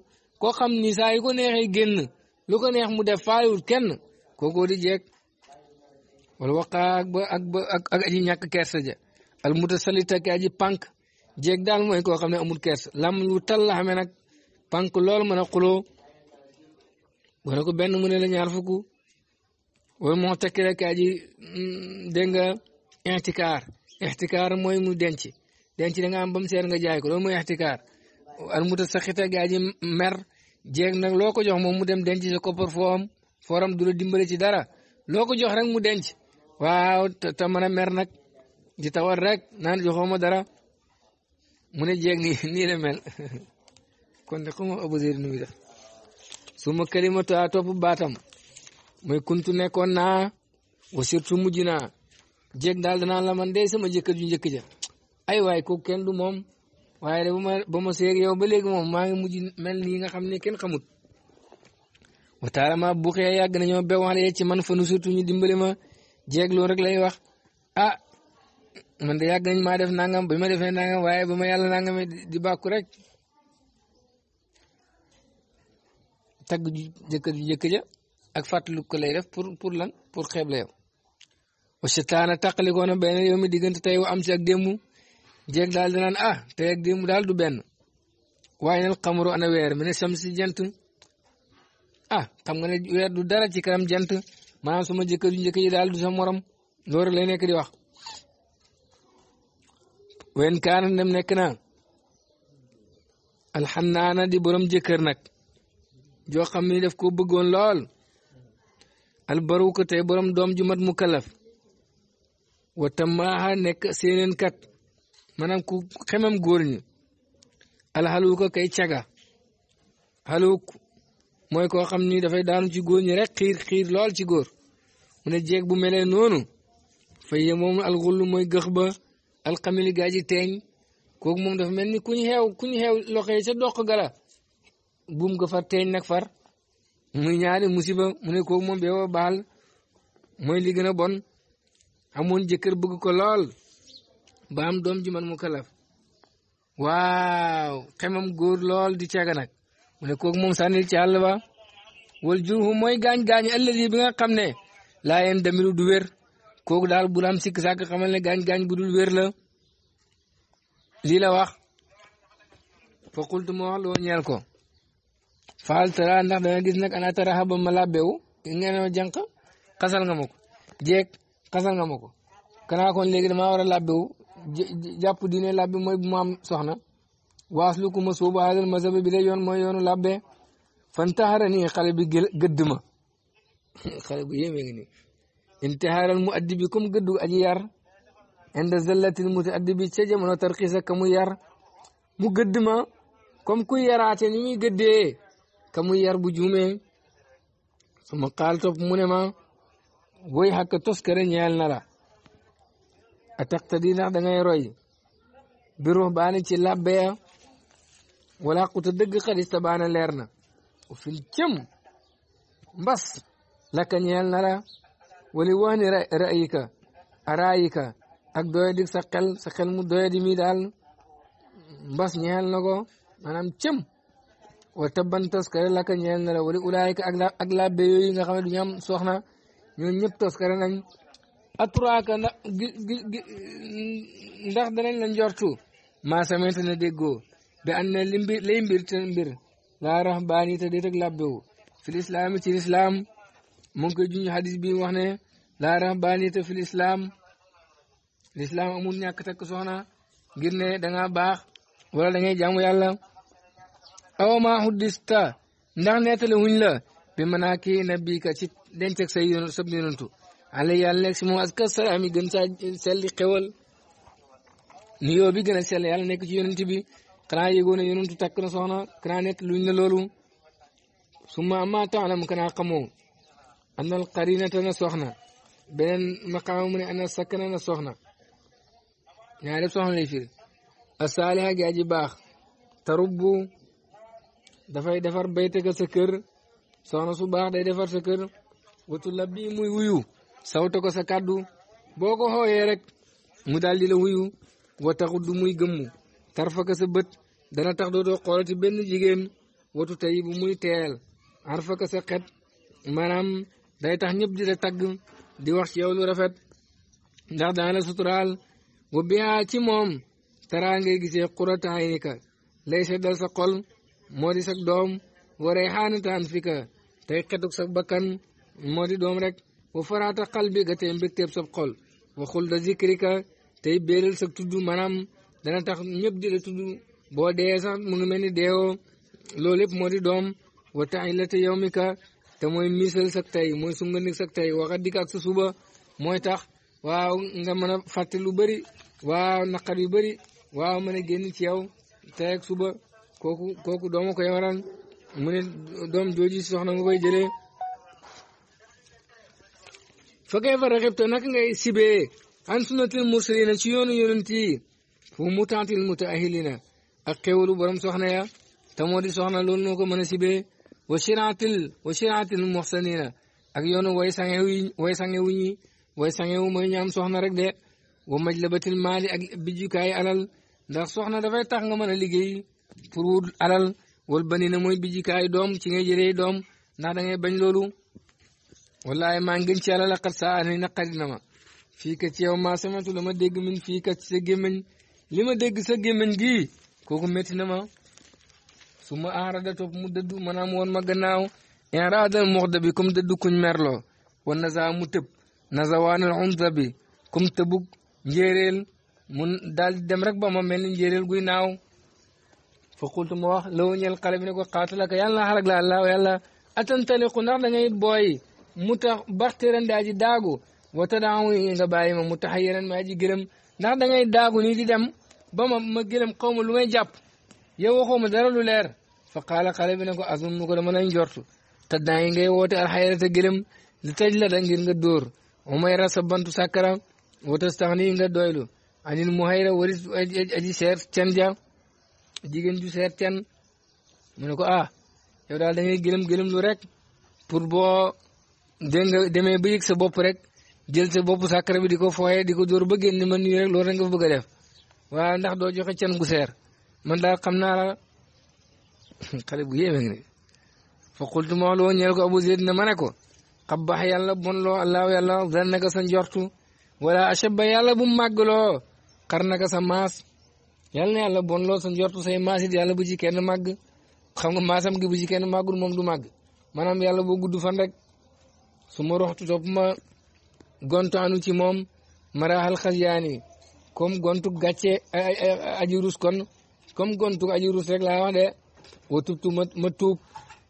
koo xam ni saa yu ko neexee génn lu ko neex mu def faayul kenn kookoo di jeeg wala waqaa ak ba ak ba ak aji ñàkk kersa ja almutasalita ki aji pànk jeeg daal mooy koo xam ne amul kees lam yu tal la xamee nag pànk lool mën a xuloo wala ko benn ne la ñaar fukk wala moo tekki rek aji mm, dégg nga intikaar intikaar mooy mu denc denc da nga am ba mu seer nga jaay ko loolu mooy al mu mer jeeg nag loo ko jox moom mu dem denc sa koppar foom fooram du la dimbale ci dara loo jox rek mu denc waaw te mën mer nak di tawar rek nan joxoo ma dara mu ne jéeg nii nii la mel kon de xuma abusir nu muy su ma kalimatu a topp baatam mooy kuntu nekkoon naa wa surtout mujj naa jéeg daal danaa la man de sama jëkkër ju njëkk ja ay waay ko kenn du moom waaye de ba ma ba ma yow ba léegi moom maa ngi mujj mel nii nga xam ne kenn xamut waxtaara ma bu xee yàgg nañoo bewaan ci man fa nu surtout ñu dimbali ma jéeg loolu rek lay wax ah man de yàgg nañ maa def nangam bi ma defee nangam waaye ba ma yàlla nangam di bàkku rek tagg ju jëkkër ju jëkk ja ak fàttaliku ko lay def pour pour lan pour xeeble yow wa setaana tàqalikoo na benn yow mi diggante tey wa am si ak démb jeeg daal dinaan ah tey ak démb daal du benn waaye nag xamaru ana weer mi ne sam si jant ah xam nga ne weer du dara ci kanam jant maanaam sama jëkkër ju njëkk ji daal du sa morom loolu lay nekk di wax wen kaana dem nekk na alxannaana di borom jëkkër nag joo xam ni daf ko bëggoon lool albaruka tey borom doom ju mat mu kalaf wa tamaaha nekk séeneen kat maanaam ku xemam góor ñi alxaluka kay caga xaluk mooy koo xam ni dafay daanu ci góor ñi xiir xiir lool ci góor mu ne jeeg bu melee noonu fay moom alxullu mooy gëx alxamili gaa ji teeñ kooku moom dafa mel ni kuñ xeew kuñ xeew loxo yi ca doq gala buum nga far teeñ nag far muy ñaari musiba mu ne kooku moom bee baal mooy li gën a bon amoon jëkkër bëgg ko lool ba am doom ji mu kalaf waaw xemam góor lool di caga nag mu ne kooku moom sànnil ci àll ba wal jurhu mooy gaañ-gaañ alladi bi nga xam ne laa yeen damiru du wér kooku daal bu la am sikk sàkk ne gaañ-gaañ bu dul wér la lii la wax fa qultu ma wax loo ñeel ko faal tara ndax dana gis nag ana tara xaba ma làbbewu nga ne ma jànq xasal nga ma ko jeeg xasal nga ma ko kanaa kon léegi damaa war a làbbewu jàpp diine làbbe mooy bu ma soxna waaslu ku ma suubu hadal mazhab bi lay yoon mooy yoon làbbe fan taxara nii xale bi gëdd ma *laughs* xale bu yéeme ngi nii intihaar almuaddibi comme gëddu aji yar inda zallatil mutaaddibi ca jamono tarxiisa ka mu yar mu gëdd ma comme ku yaraate ni ñuy gëddee ka mu yar bu juumee su ma xaal topp mu ne ma woy xakka toskare ñeel na la a taqtadi ndax da ngay roy bi ruux baani ci làbbeya wala xuta dëgg xadista baana leer na u fil cëm mbas lakka ñeel na la wali waani ra'yika raayika ak doyadi sa xel mu doyadi mi daal mbas ñeel na ko maanaam cëm wa tabban toskare laka ñeel na la wali ulaayika ak labbe yooyu nga xam ne du ñu am soxna ñoom ñëpp toskare aturaaka ndax ndax danañ la njortu maa samante na déggoo bi an na li mbir lay mbir te mbir laa rax baani te déet labbewu fi lislaam ci lislaam mu ngi koy junj xadis bi wax ne laa rahbaaniyata fi lislaam lislaam amul ñàkk takk soxna ngir ne da baax wala da ngay jaamu yàlla aw ma xuddista ndax nettali wuñ la bi manaaki nabika ci denceg say yoon sab yonantu ale yàlla nekk si moom aska salaam yi selli xewal nuyoo bi gën a sell yàlla nekk ci yonent bi xanaa yëgoon ne yonantu takk na soxna xanaa nett luñ la loolu su ma ama taalam kanaa xamoo ana al qarinata na soxna beneen maqaama mu ne ana sakana na soxna ñaari soxna lay firi asaaliha gi aji baax tarubbu dafay defar baytaka sa kër soxna su baax day defar sa kër watu labbi muy wuyu sawta ko sa kàddu boo ko xooyee rek mu dal di la wuyu wa taxuddu muy gëmmu tarfaka sa bët dana tax dootoo xoolati benn jigéen watu tayibu muy teel arfaka sa xet maanaam day tax ñëpp di la tagg di wax ci yow lu rafet ndax dana la suturaal wa biyaa ci moom taraa ngay gisee qurrata aynika lay seddal sa xol moo di sag doom wa rayhaanata anfika tey xetuk sa bakkan moo di doom rek wa faraata qalbika tey mbégteeb sa xol wa xulda zikrika tey béeral sa tudd maanaam dana tax ñëpp di tudd boo dee sax mu ngi mel ni deewoo loolu lépp moo di doom wa taillata yawmika te mooy miisal sa tey mooy sungandik sa tey waxa dikk ak sa suba mooy tax waaw nga mën a fàtte lu bëri waaw naqar yu bëri waaw mën génn ci yow tey ak suba kooku kooku dooma koy waral mu ne doom soxna nga koy jëlee fa kay fa raxibta naka ngay sibee an sunnatil mursalina ci yoonu yonent yi fu mutaatil mutaahilina ak xéwalu borom soxna ya te moo di soxna loolu noo ko mën a sibee wa siraatil wa siraatil muxsanina ak yoonu way sange wu way sange wu ñi way sange wu mooy ñaam soxna rek de wa majlabatil maali ak bijjukaay alal ndax soxna dafay tax nga mën a liggéey pour wut alal wal banina mooy bijjukaay doom ci ngay jëlee doom ndax da bañ loolu wallahi maa ngi gën ci yàlla laqat saa ani naqari na ma fii ka ci yow maa samatu la ma dégg min fii ka ci sa gémmiñ li ma dégg sa gémmiñ gi kooku métti na ma suma arada topp mu dëddu maanaam woon ma gannaaw inraadal moxda bi kum dëddu kuñ merlo wa naza mu tëb nasawaanal unsa bi comme tëbug njéeréel mun dal di dem rek ba ma mel ni njéeréel guy naaw fa qultu ma wax law ñeel xale bi ne ko xaatalaka yàlla xalag la allah yàlla atantaliqu ndax da ngay boy mu tax baxtiran daa daagu wata daaw yi nga bàyyi ma mu tax yéren maa ji gërëm ndax da ngay daagu nii di dem ba ma ma gërëm xaw ma lu may jàpp yow waxoo dara lu leer fa qaala xale bi ne ko azum nu ko dama lay njortu te daa yi ngay woote alxayrata gërëm li tëj la da ngir nga dóor umayra sa bantu sàkkara watas tax nii nga doylu anil muhayra waris aji seer can ja jigéen ju seer can mu ko ah yow daal da ngay gërëm gërëm lu rek pour boo dégg nga demee ba sa bopp rek jël sa bopp sàkkara bi di ko fooyee di ko dóor ba génn man ni rek loolu rek nga fa bëgg a def waaw ndax doo joxe can gu seer man daal xam naa *laughs* xale bu yéeme ngi ne fa ma wax la woon ñeel ko abu zeyd ne ma ne ko xabax yàlla bon loo allah yàlla dan naka sa njortu wala achaba yàlla bu màgg loo na naka sa maas yàlla na yàlla bon loo sa njortu say maas it bu ci kenn màgg xam nga maasam gi bu ci kenn màggul moom du màgg maanaam yàlla boo gudd fan rek su ma roxtu topp ma gontaanu ci moom maraaxal xasyaani comme gontu gàcce ay ay aji rus kon comme gontu aji rus rek laa wax de wa tubtu ma ma tuub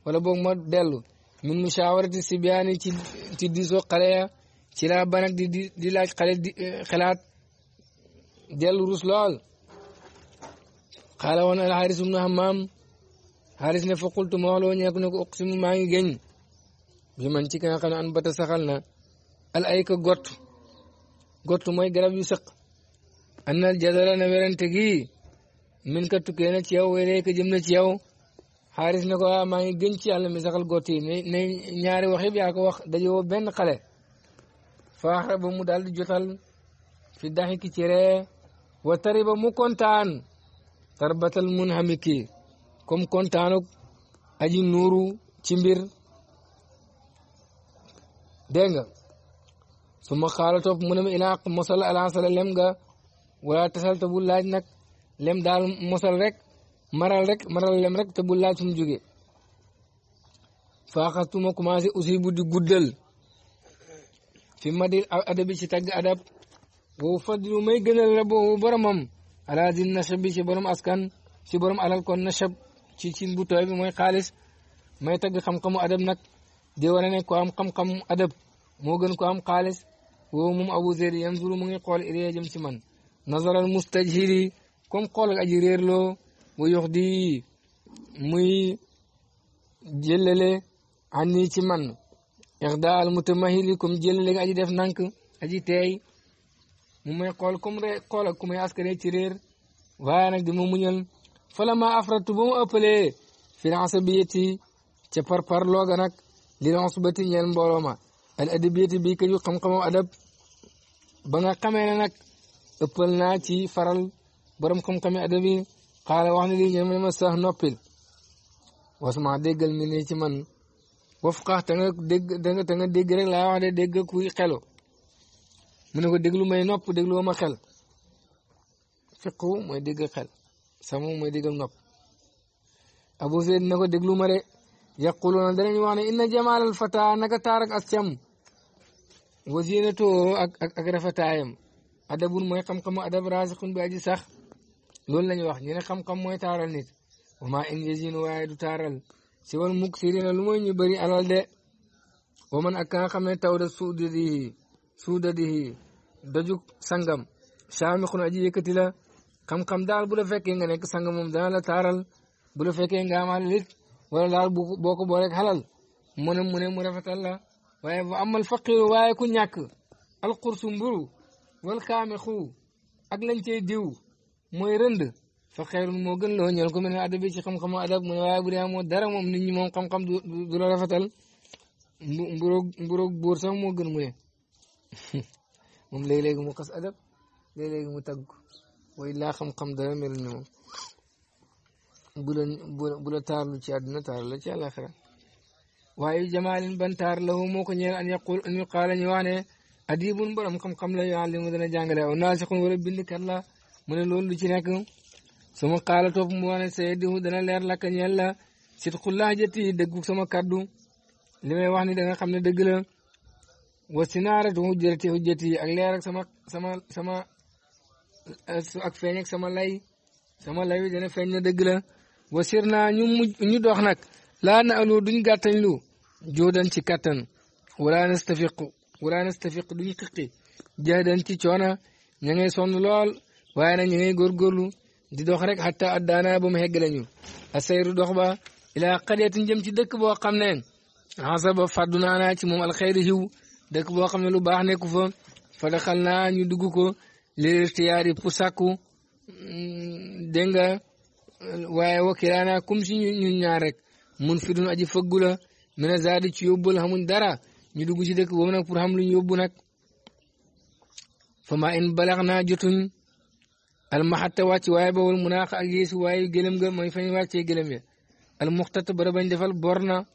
wala boog ma dellu min mushawarati sibyaani ci ci diisoo xale ya laa banak di di laaj xale di eh, xalaat dellu rus lool xaala woon alxaaris ibnu ne fa qultu ma wax loo ñeeku ne ko uqsimu maa ngi géñ man ci ka nga xam ka gott gott garab yu sëq annal jadala na werante ci yow ci yow xaaris ne ko ah maa ngi gën ci mi saxal gott ne ñaari wax yëpp yaa ko wax dajoo benn xale faaxara ba mu daal di jotal fi daxiki ci ree ba mu kontaan tarbatal mun xamiki kom kontaan aji nuuru ci mbir dégg nga su ma xaala topp mu ne lem nga wala tasal ta bu laaj nag lem daal mosal rek maral rek maral lem rek te bu laaj fu mu jógee commencé aussi bu di guddal fi madil adabi ci tagg adab wow fadlu may gënal raboo boromam ala di nasab bi ci borom askan ci borom alal kon nasab ci ci bu tooy bi mooy xaalis may tagg xam-xamu adab nag di wane ne ko am xam adab moo gën ko am xaalis wow moom abu zeri yanzuru mu ngi xool ilayya jëm ci man nazaral mustajhiri comme xool wa yox di muy jëlale ani ci man ixdaal mutamahili comme jëlale aji def nank aji teey mu may xool comme re xool ak ku may askane ci réer waaye nag di ma muñal fala ma afratu ba mu ëppalee finance biyeti ca parpar looga nag li lons bati ñeel mbooloo ma al adabiyati bi ka yu xam adab ba nga xamee ne nag ëppal naa ci faral borom xam-xami adab xaala wax ne lii ñe ma ne sax noppil wasma déggal mi ci man waf xaax te nga dégg te nga dégg rek laa ko déglu may nopp déglu ma xel fiqu mooy dégg xel samu mooy déggal nopp abu zayd ne ko déglu ma de yaquluuna danañ wax ne inna jamaalal fata naka taar ak ascam wazinatoo ak ak rafetaayam adabun mooy xam-xamu adab raasixun bi aji sax loolu lañu wax ñu ne xam-xam mooy taaral nit wa maa in yasin waaye du taaral si wal muksirina lu mooy ñu bëri alal de wa man ak ka nga xam ne taw da suudadihi suudadihi dajug sangam saamixun aji yëkkati nga nekk sangam moom dana la taaral bu la nga amaal lit wala daal boo ko rek xalal mu ne mu rafetal la waaye bu amal faqiru waaye ku ñàkk alqursu mburu wal kaamixu ak lañ cey diw mooy rënd fa xeerun moo gën loo ñeel ko mel ne ci xam adab mu ne waaye bu dee amoo dara moom nit ñi moom xam-xam du la rafetal mbu mburoog mburoog buur sax moo gën mu ne *laughs* moom léegi-léegi mu xas adab léegi mu tagg way laa xam-xam dara mel ni moom bu la bu la ci àdduna taar la ci àllaaxira waaye jamaalin ban taar la woo ko ñeel an yaqul an yuqaala ñu wax ne adibun borom xam-xam la yoo xam dana jàngale aw naasixun wala bindkat la mu ne loolu lu ci nekk sama xaala topp mu wax dana leer lakk ñeel la sit xullaa jëtti dëggu sama kaddu li may wax ni da xam ne dëgg la wa sinaaratu hujjati hujjati ak leer ak sama sama sama eh, ak feeñ ak sama lay sama lay wi dana feeñ na dëgg la wa sir naa ñu mujj dox nag laa na alu duñ gàttañ lu joodan ci kattan wala nastafiq wala nastafiq duñ xiqi jahdan ci coona ña ngay sonn lool waaye nag ñu ngay góorgóorlu di dox rek xatta addaana ba mu ñu lañu asayru dox ba ilaa xaryatin jëm ci dëkk boo xam ne xasa ba fàddu naa ci moom alxayri xiw dëkk boo xam ne lu baax nekku fa fa daxal naa ñu dugg ko lirtiyaar yi pour sàkku mm, dégg nga waaye wakilaana comme si ñun ñaar rek mun fi dun aji fëggu mina zaadi ci yóbbul xamuñ dara ñu dugg ci dëkk boobu nag pour xam lu ñu yóbbu nag fa ma in balax naa jotuñ المحطة واتي وايبا والمناخ أجيس وايب قلم قم ويفاني واتي قلم يا المختطة بربان دفل بورنا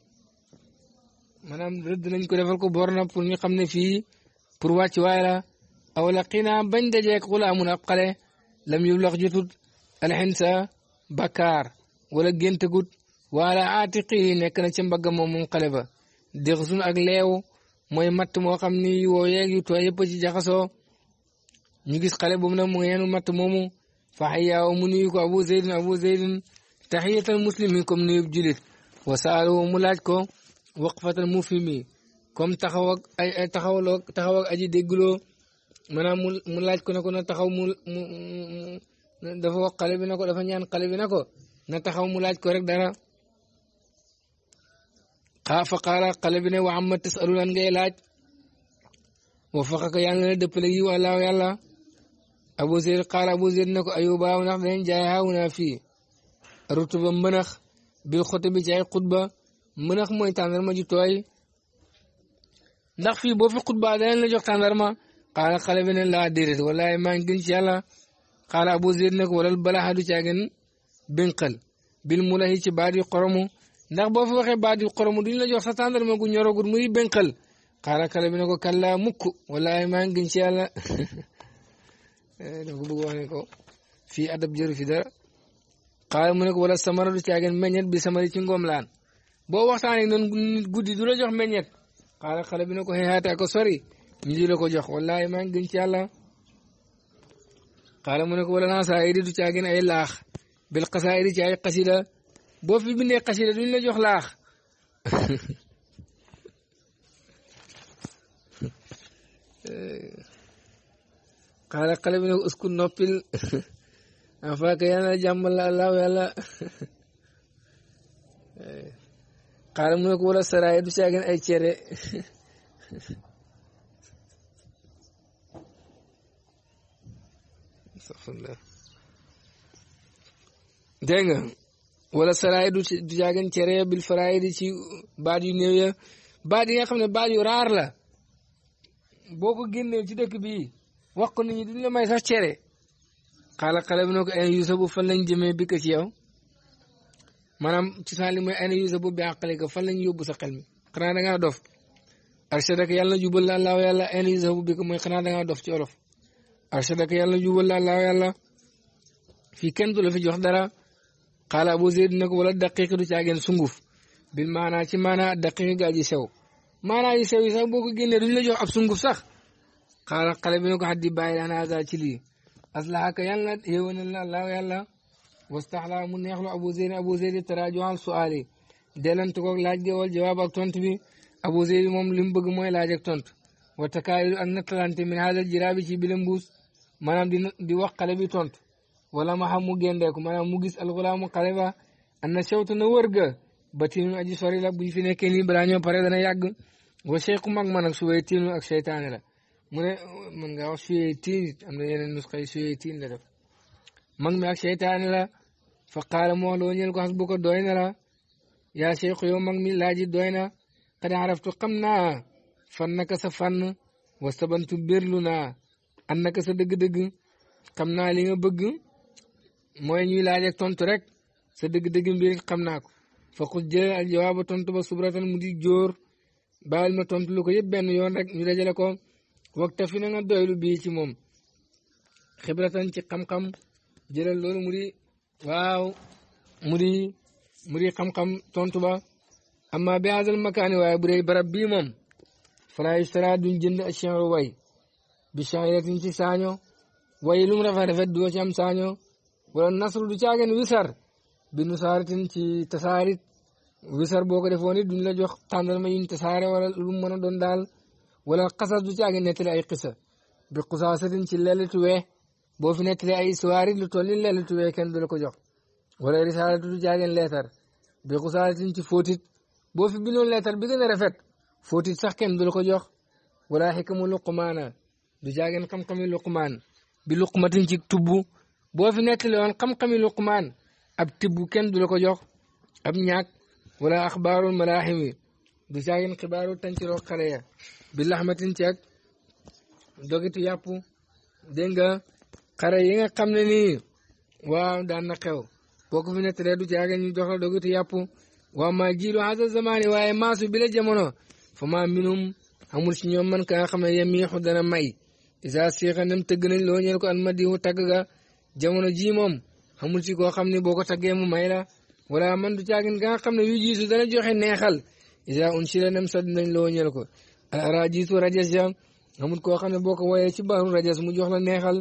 منام رد ننكو دفلكو بورنا بولمي قمنا فيه بور واتي وايلا أو لقينا بند جاك غلا من أبقلي لم يبلغ جتود الحنسة بكار ولا جنتكود ولا عاتقي نكنا تشم بقى مومون قلبة دغزون أغليو موي مات مو خمني ويا يوتو يبقى جاكسو ñu gis xale boobu nag mu ngi yenu matt moomu fa xayaaw mu nuyu ko abu zeydin abu zeydin taxiyatal muslimi comme nuyub julit wa saaloo mu laaj ko waqfatal mufimi comme taxaw ak ay taxawloo taxaw ak aji déggloo maanaam mu mu laaj ko ne ko na taxaw mu mu dafa wax xale bi na ko dafa ñaan xale bi na ko na taxaw mu laaj ko rek dara xaa fa xaala xale bi ne wa amma tasalu lan ngay laaj wa faqa ko yàlla na dëppale yi wala yàlla Abu Zayd qaala Abu Zayd ne ko ayuba ndax dañ jaay xawuna fii rutuba mënax bi xote bi ci ay xutba mënax mooy tàndarma ji tooy ndax fii boo fi xutba danañ la jox tàndarma xaala xale bi ne laa déedéet wallaahi maa ngi gën ci yàlla xaala Abu Zayd ne ko walal balaa du caagin binqal bil mulahi ci baat yu xoromu ndax boo fi waxee baat yu xoromu duñ la jox sa tàndarma gu ñoragul muy binqal xaala xale bi ne ko kàllaa mukk wallaahi maa ngi gën ci yàlla. *laughs* Eh, dafa bëgg wax ne ko fii adab jëru fi dara xaaral mu ne ko wala samara du caagin meññet bi samari ci ngoom laan boo waxtaanee noonu guddi du la jox meññet xaaral xale bi ne ko xeexaatee ko sori ñu di la ko jox wallaahi maa ngi gën ci yàlla mu ne ko wala naasaa yi du caagin ay laax bil xasaa yi ci ay xasida boo fi bindee xasida duñ la jox laax. *laughs* Eh, xaala xale bi ne ko uskun noppil *laughs* afaaka yàlla jàmmal la *laughs* allahu yàlla xaala mu ne wala saraay du caagin ay cere *laughs* dégg nga wala saraay du du caagin cere bil faraay di ci baat yu néew ya baat yi nga xam ne baat yu raar la boo ko génnee ci dëkk bii wax ko nit ñi duñ la may sax cere xaala xale bi ne ko ayna yuusabu fan lañ jëmee bi ko ci yow maanaam ci saa li mooy ayna yuusabu bi àqalika fan lañ yóbbu sa xel mi xanaa da ngaa dof arshadaka yàlla na jubal la allahu yàlla ayna yuusabu bi ko mooy xanaa da ngaa dof ci olof arshadaka yàlla na jubal la allahu yàlla fii kenn du la fi jox dara xaala abu zeyd ne ko wala daqiiqa du caageen sunguf bil maana ci maanaa daqiiqa gaa ji sew maanaa yi قال قلب لك حد باي انا هذا تشلي اصلح كيانك يوين الله الله يلا واستحلا من يخلو ابو زيد ابو زيد تراجع سؤالي دلن لاج دي جواب تونت بي ابو زيد موم لم بغ موي لاج تونت وتكايل ان تلانتي من هذا الجراب شي بلمبوس مانام دي دي وخ قلبي تونت ولا ما حمو گندكو مانام مو گيس الغلام قلبا ان شوت نورغ باتينو اجي سوري لا بو في نيكني برانيو پري دنا ياگ وشيخ مك مانك سويتينو اك شيطان لا mu ne mën ngaa wax suyaytiin it am na yeneen nusxa yi suyaytiin la def mag mi ak seytaane la fa qaala mu wax loo ko xas ko doy na la yaa cheikh yow mag mi laaji doy na xad araftu xam naa fan naka sa fànn wa sabantu birlu naa an naka sa dëgg-dëgg naa li nga bëgg mooy ñuy laaj ak tontu rek sa dëgg-dëgg mbir xam naa ko fa xus jël al jawaaba tontu ba subratan mu di jóor baal ma tontu lu ko yëpp benn yoon rek ñu dajale ko waxta fi na nga doylu bii ci moom xibratan ci xam-xam jëlal loolu mu di waaw mu di mu tontu ba amma bi haazal makaani waaye bu dee barab bii moom falaa yustara duñ jënd achenro way bi chanratin ci saaño way lu mu rafet rafet du ci am saaño wala nasru du caageen wisar bi nu saaratin ci tasaarit wisar boo ko defoon duñ la jox tàndal ma yuñ tasaare wala lu mu mën a doon daal ولا القصص دو تاغي نتلا اي قصه بقصاصة تلال توي بو في نتلا اي سواري لو تولي لال كان دو لكو جوخ ولا رسالة دو تاغي ليتر بقصاصة تي فوتيت بو في بنو ليتر بي غنا رافيت كان دو لكو جوخ ولا حكم لقمان دو تاغي كم كم لقمان بلقمة تي تبو بو في نتلا كم كم لقمان اب تبو كان دو لكو جوخ اب نياك ولا اخبار الملاحم دو تاغي خبارو تنتي رو خريه bi laxmatin ci ak dogitu yàpp dégg nga xare yi nga xam ne nii waaw daan na xew boo ko fi nettalee du ci àgg ñu jox la dogitu yàpp waaw maa jiilu hasa zamani waaye maasu bi la jamono fa maa minum amul si ñoom man ka nga xam ne yemiixu dana may isa seexa nem tëgg nañ loo ñeel ko almadihu tagg ga jamono ji moom amul si koo xam ne boo ko taggee mu may la wala man du caagin ka nga xam ne yu jiisu dana joxe neexal isa un nem sadd nañ loo ñeel ko rajiitu rajas ja amul koo xam ne boo ko wooyee ci baaru rajas mu jox la neexal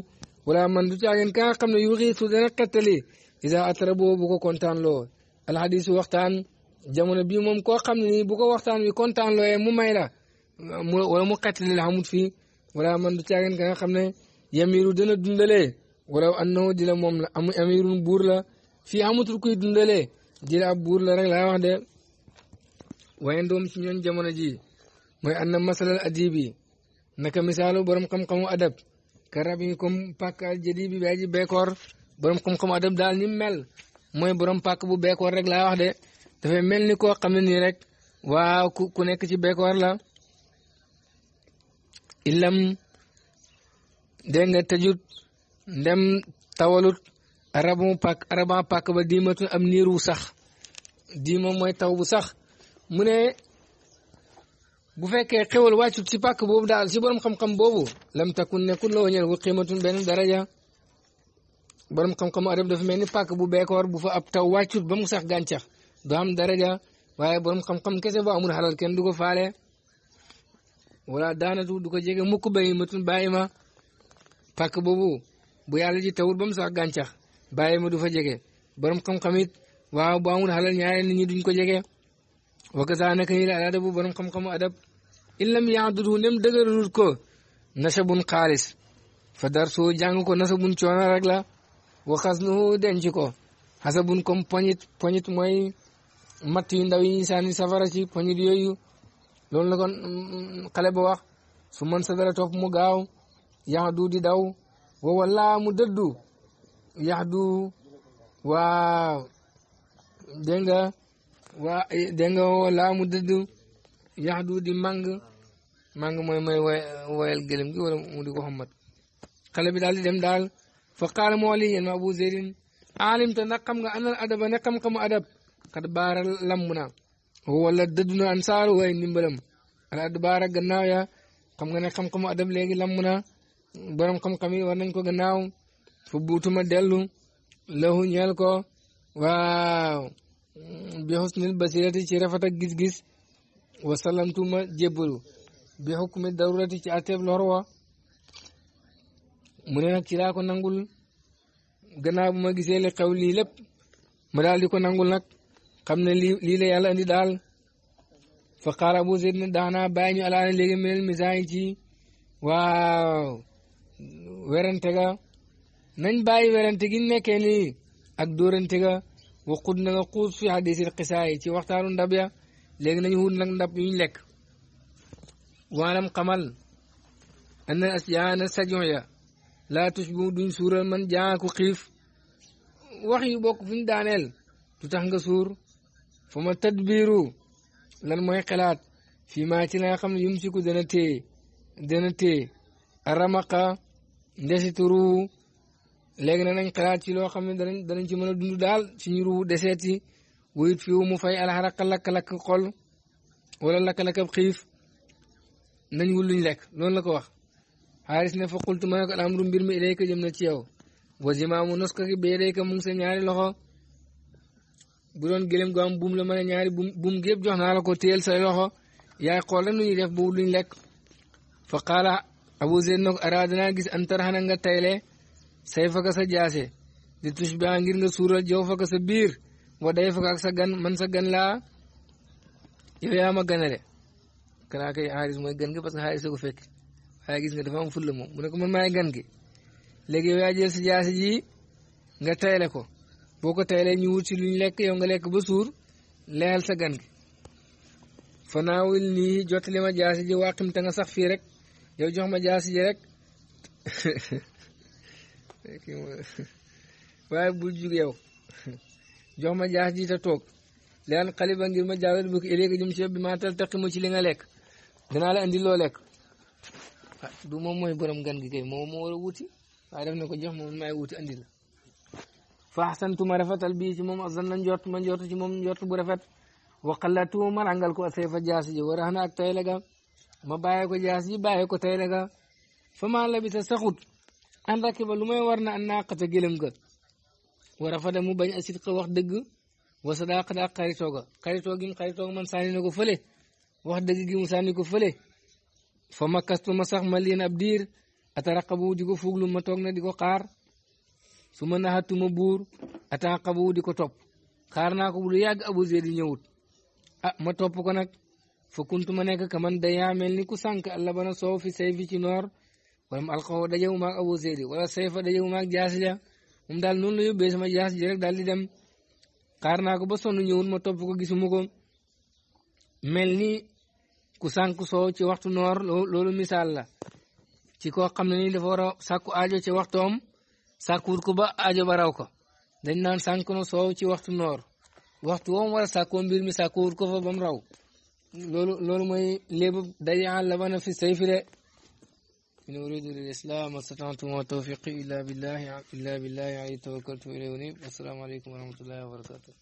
wala man du caageen kaa xam ne yuxiitu dana xettali isa atara boobu bu ko kontaan loo alxadiisu waxtaan jamono bii moom koo xam ne nii bu ko waxtaan wi kontaan looyee mu may la mu wala mu xettali la amul fii wala man du caageen ka nga xam ne yamiru dana dundalee wala annahu di la moom la am amirun buur la fii amatul kuy dundalee di la ab buur la rek laa wax de waaye doom ci ñoon jamono ji mooy anna masalal adibi naka misaalu borom xam-xamu adab ka rab yi comme pàkk al jadi bi bày ji beekoor xam-xamu adab daal ni mel mooy borom pàkk bu beekoor rek laa mel ni koo xam ne nii rek waaw ku nekk ci beekoor la illam dégg nga tëjut ndem tawalut araba pàkk ba diimatun am niir sax diima mooy taw bu sax mu bu fekkee xewal wàccut si pàkk boobu daal si borom xam-xam boobu lam takun nekkul loo ñeel wu qiimatun benn daraja borom xam-xamu adab dafa mel ni pàkk bu beekoor bu fa ab taw wàccut ba mu sax gàncax du am daraja waaye borom xam-xam kese bu amul xalal kenn du ko faale wala daanatu du ko jege mukk bahimatun bàyyi ma pàkk boobu bu yàlla ji tawul ba mu sax gàncax bàyyi ma du fa jege borom xam-xam it waaw bu amul xalal ñaare nit ñi duñ ko jege wa kazaa naka ni la adab bu borom xam-xamu adab illam yaadudhu nem dëgërul ko nasabun xaalis fa darsoo jàng ko nasabun coono rek la waxas nu ko xasabun comme poñit poñit mooy matt yu ndaw yi sànni safara ci poñit yooyu loolu la kon mm, xale ba su man sa dara topp mu gaaw yaxdu di daw wa wallaa mu dëddu yaxdu waa dégg nga waa mu dëddu yahdu di mang mang moy moy wayal gëlëm gi wala mu di ko xamat xale bi dal di dem dal fa qaala mawli li yéen abu zeydin aalim te ndax nga anal adab nakam kam adab xat baara lamuna na wala daduna ansar way nimbalam waaye ndimbalam al adbaara gannaaw ya xam nga ne xam-xamu adab legi lamuna borom xam-xam yi war nañ ko gannaaw fu butuma delu lahu ñeel ko waaw bi xusnil basirati ci rafata gis-gis wasalamtu ma jébbalu bi xukmi darurati ci atteeb lor wa mu ne ci laa ko nangul gannaaw ma gisee li xew lii lépp ma daal di ko nangul nag xam ne lii lii la yàlla andi daal fa xaar Abu Zayd ne daax naa bàyyi ñu alaana misaan ci waaw werante ga nañ bàyyi werante gi nekkee nii ak dóorante ga waxut na nga xuus fi xadiisil xisaa yi ci waxtaanu ndab ya léegi nañu wut nag ndab yuñ lekk waalam xamal an na ya laa tushbu duñ suural man jaaku xiif wax yu bokk fuñ daaneel du tax nga suur fa ma tadbiiru lan mooy xalaat fii maa ci laa xam ne yum siku dana téye dana téye ramaqa ndesitu ruu léegi na nañ xalaat ci loo xam ne danañ ci mën a dund daal suñu ruu deseeti ويد فيو مفاي على حرق لك لك قول ولا لك لك بخيف نقول لك لون لك واخ حارس نفا قلت ما يقول أمر برم إليك جمنا تيو وزمام نسكا كي بيريك ممسا نياري لخو بلون جلم قام بوم لما نياري بوم جيب جوحنا لكو تيل سالي لخو يا قول نو يدف بولين لك فقال أبو زيد نوك أرادنا جس أنتر هننغا تيلي سيفك سجاسي لتشبه أنجرنغ سورة جوفك سبير wa day fukk sa gan man sa gan laa yow yaa ma ganale kanaa kay xaalis mooy gan gi parce que xaalis la ko fekk gis nga dafa am fulla moom mu ne ko man maay gan gi léegi yow yaa jël si jaasi nga tayle ko boo ko taylee ñu wut si luñ lekk yow nga lekk ba suur leyal sa gan gi fanaawil nii jottali ma jaasi ji wàqim te nga sax fii rek yow jox ma jaasi ji rek *laughs* *laughs* waaye bu jug *laughs* jox ma jaax ji te toog leen xaliba ngir ma jaawel bu ko iléegi jëm bi ma taltaqimu ci li nga lekk danaa la indi loo ah, du moom mooy borom gan gi kay moom moo war a wuti waaye na ko jox ma maay wuti andi la faaxsantu ma rafetal bii ci moom asan na njort ma jot ci moom njort bu rafet waqalatu ma rangal ko asayfa jaas ji war na ak ma bàyyee ko jaas ji ko tay la ga fa maa labisa saxut an rakiba lu may war na an naaqata gëlëm ga wa rafada mu bañ a sidqa wax dëgg wa sadaqata ak xaritooga man sànni na ko fële wax dëgg gi mu sànni ko fële fa ma kastu sax ma leen ab diir ataraqabu di ko fuuglu ma toog na di ko xaar su ma naxatu ma buur ataraqabu di ko topp xaar naa ko bu lu yàgg abu zeyd ñëwut ah ma topp ko nag fa kuntu ma nekk ka man dayaa mel ni ku sànq alla bana soow fi sayfi ci noor wala mu alqaw dajewu maag abu zeyd wala sayfa dajewu ja moom daal noonu la yóbbee sama jaas ji daal di dem xaar naa ko ba sonn ñëwul ma topp ko gisuma ko mel ni ku sànq soow ci waxtu noor loolu misaal la ci koo xam ne ni dafa war a sàkku aajo ci waxtoom sàkkuwut ko ba aajo ba raw ko dañ naan sank na soow ci waxtu noor waxtu woom war a sàkkoo mbir mi sàkkuwut ko fa ba raw loolu loolu mooy léebu daje àll ba na fi sayfire إن أريد الإسلام ما استطعت توفيقي إلا بالله إلا بالله عليه توكلت وإليه أنيب والسلام عليكم ورحمة الله وبركاته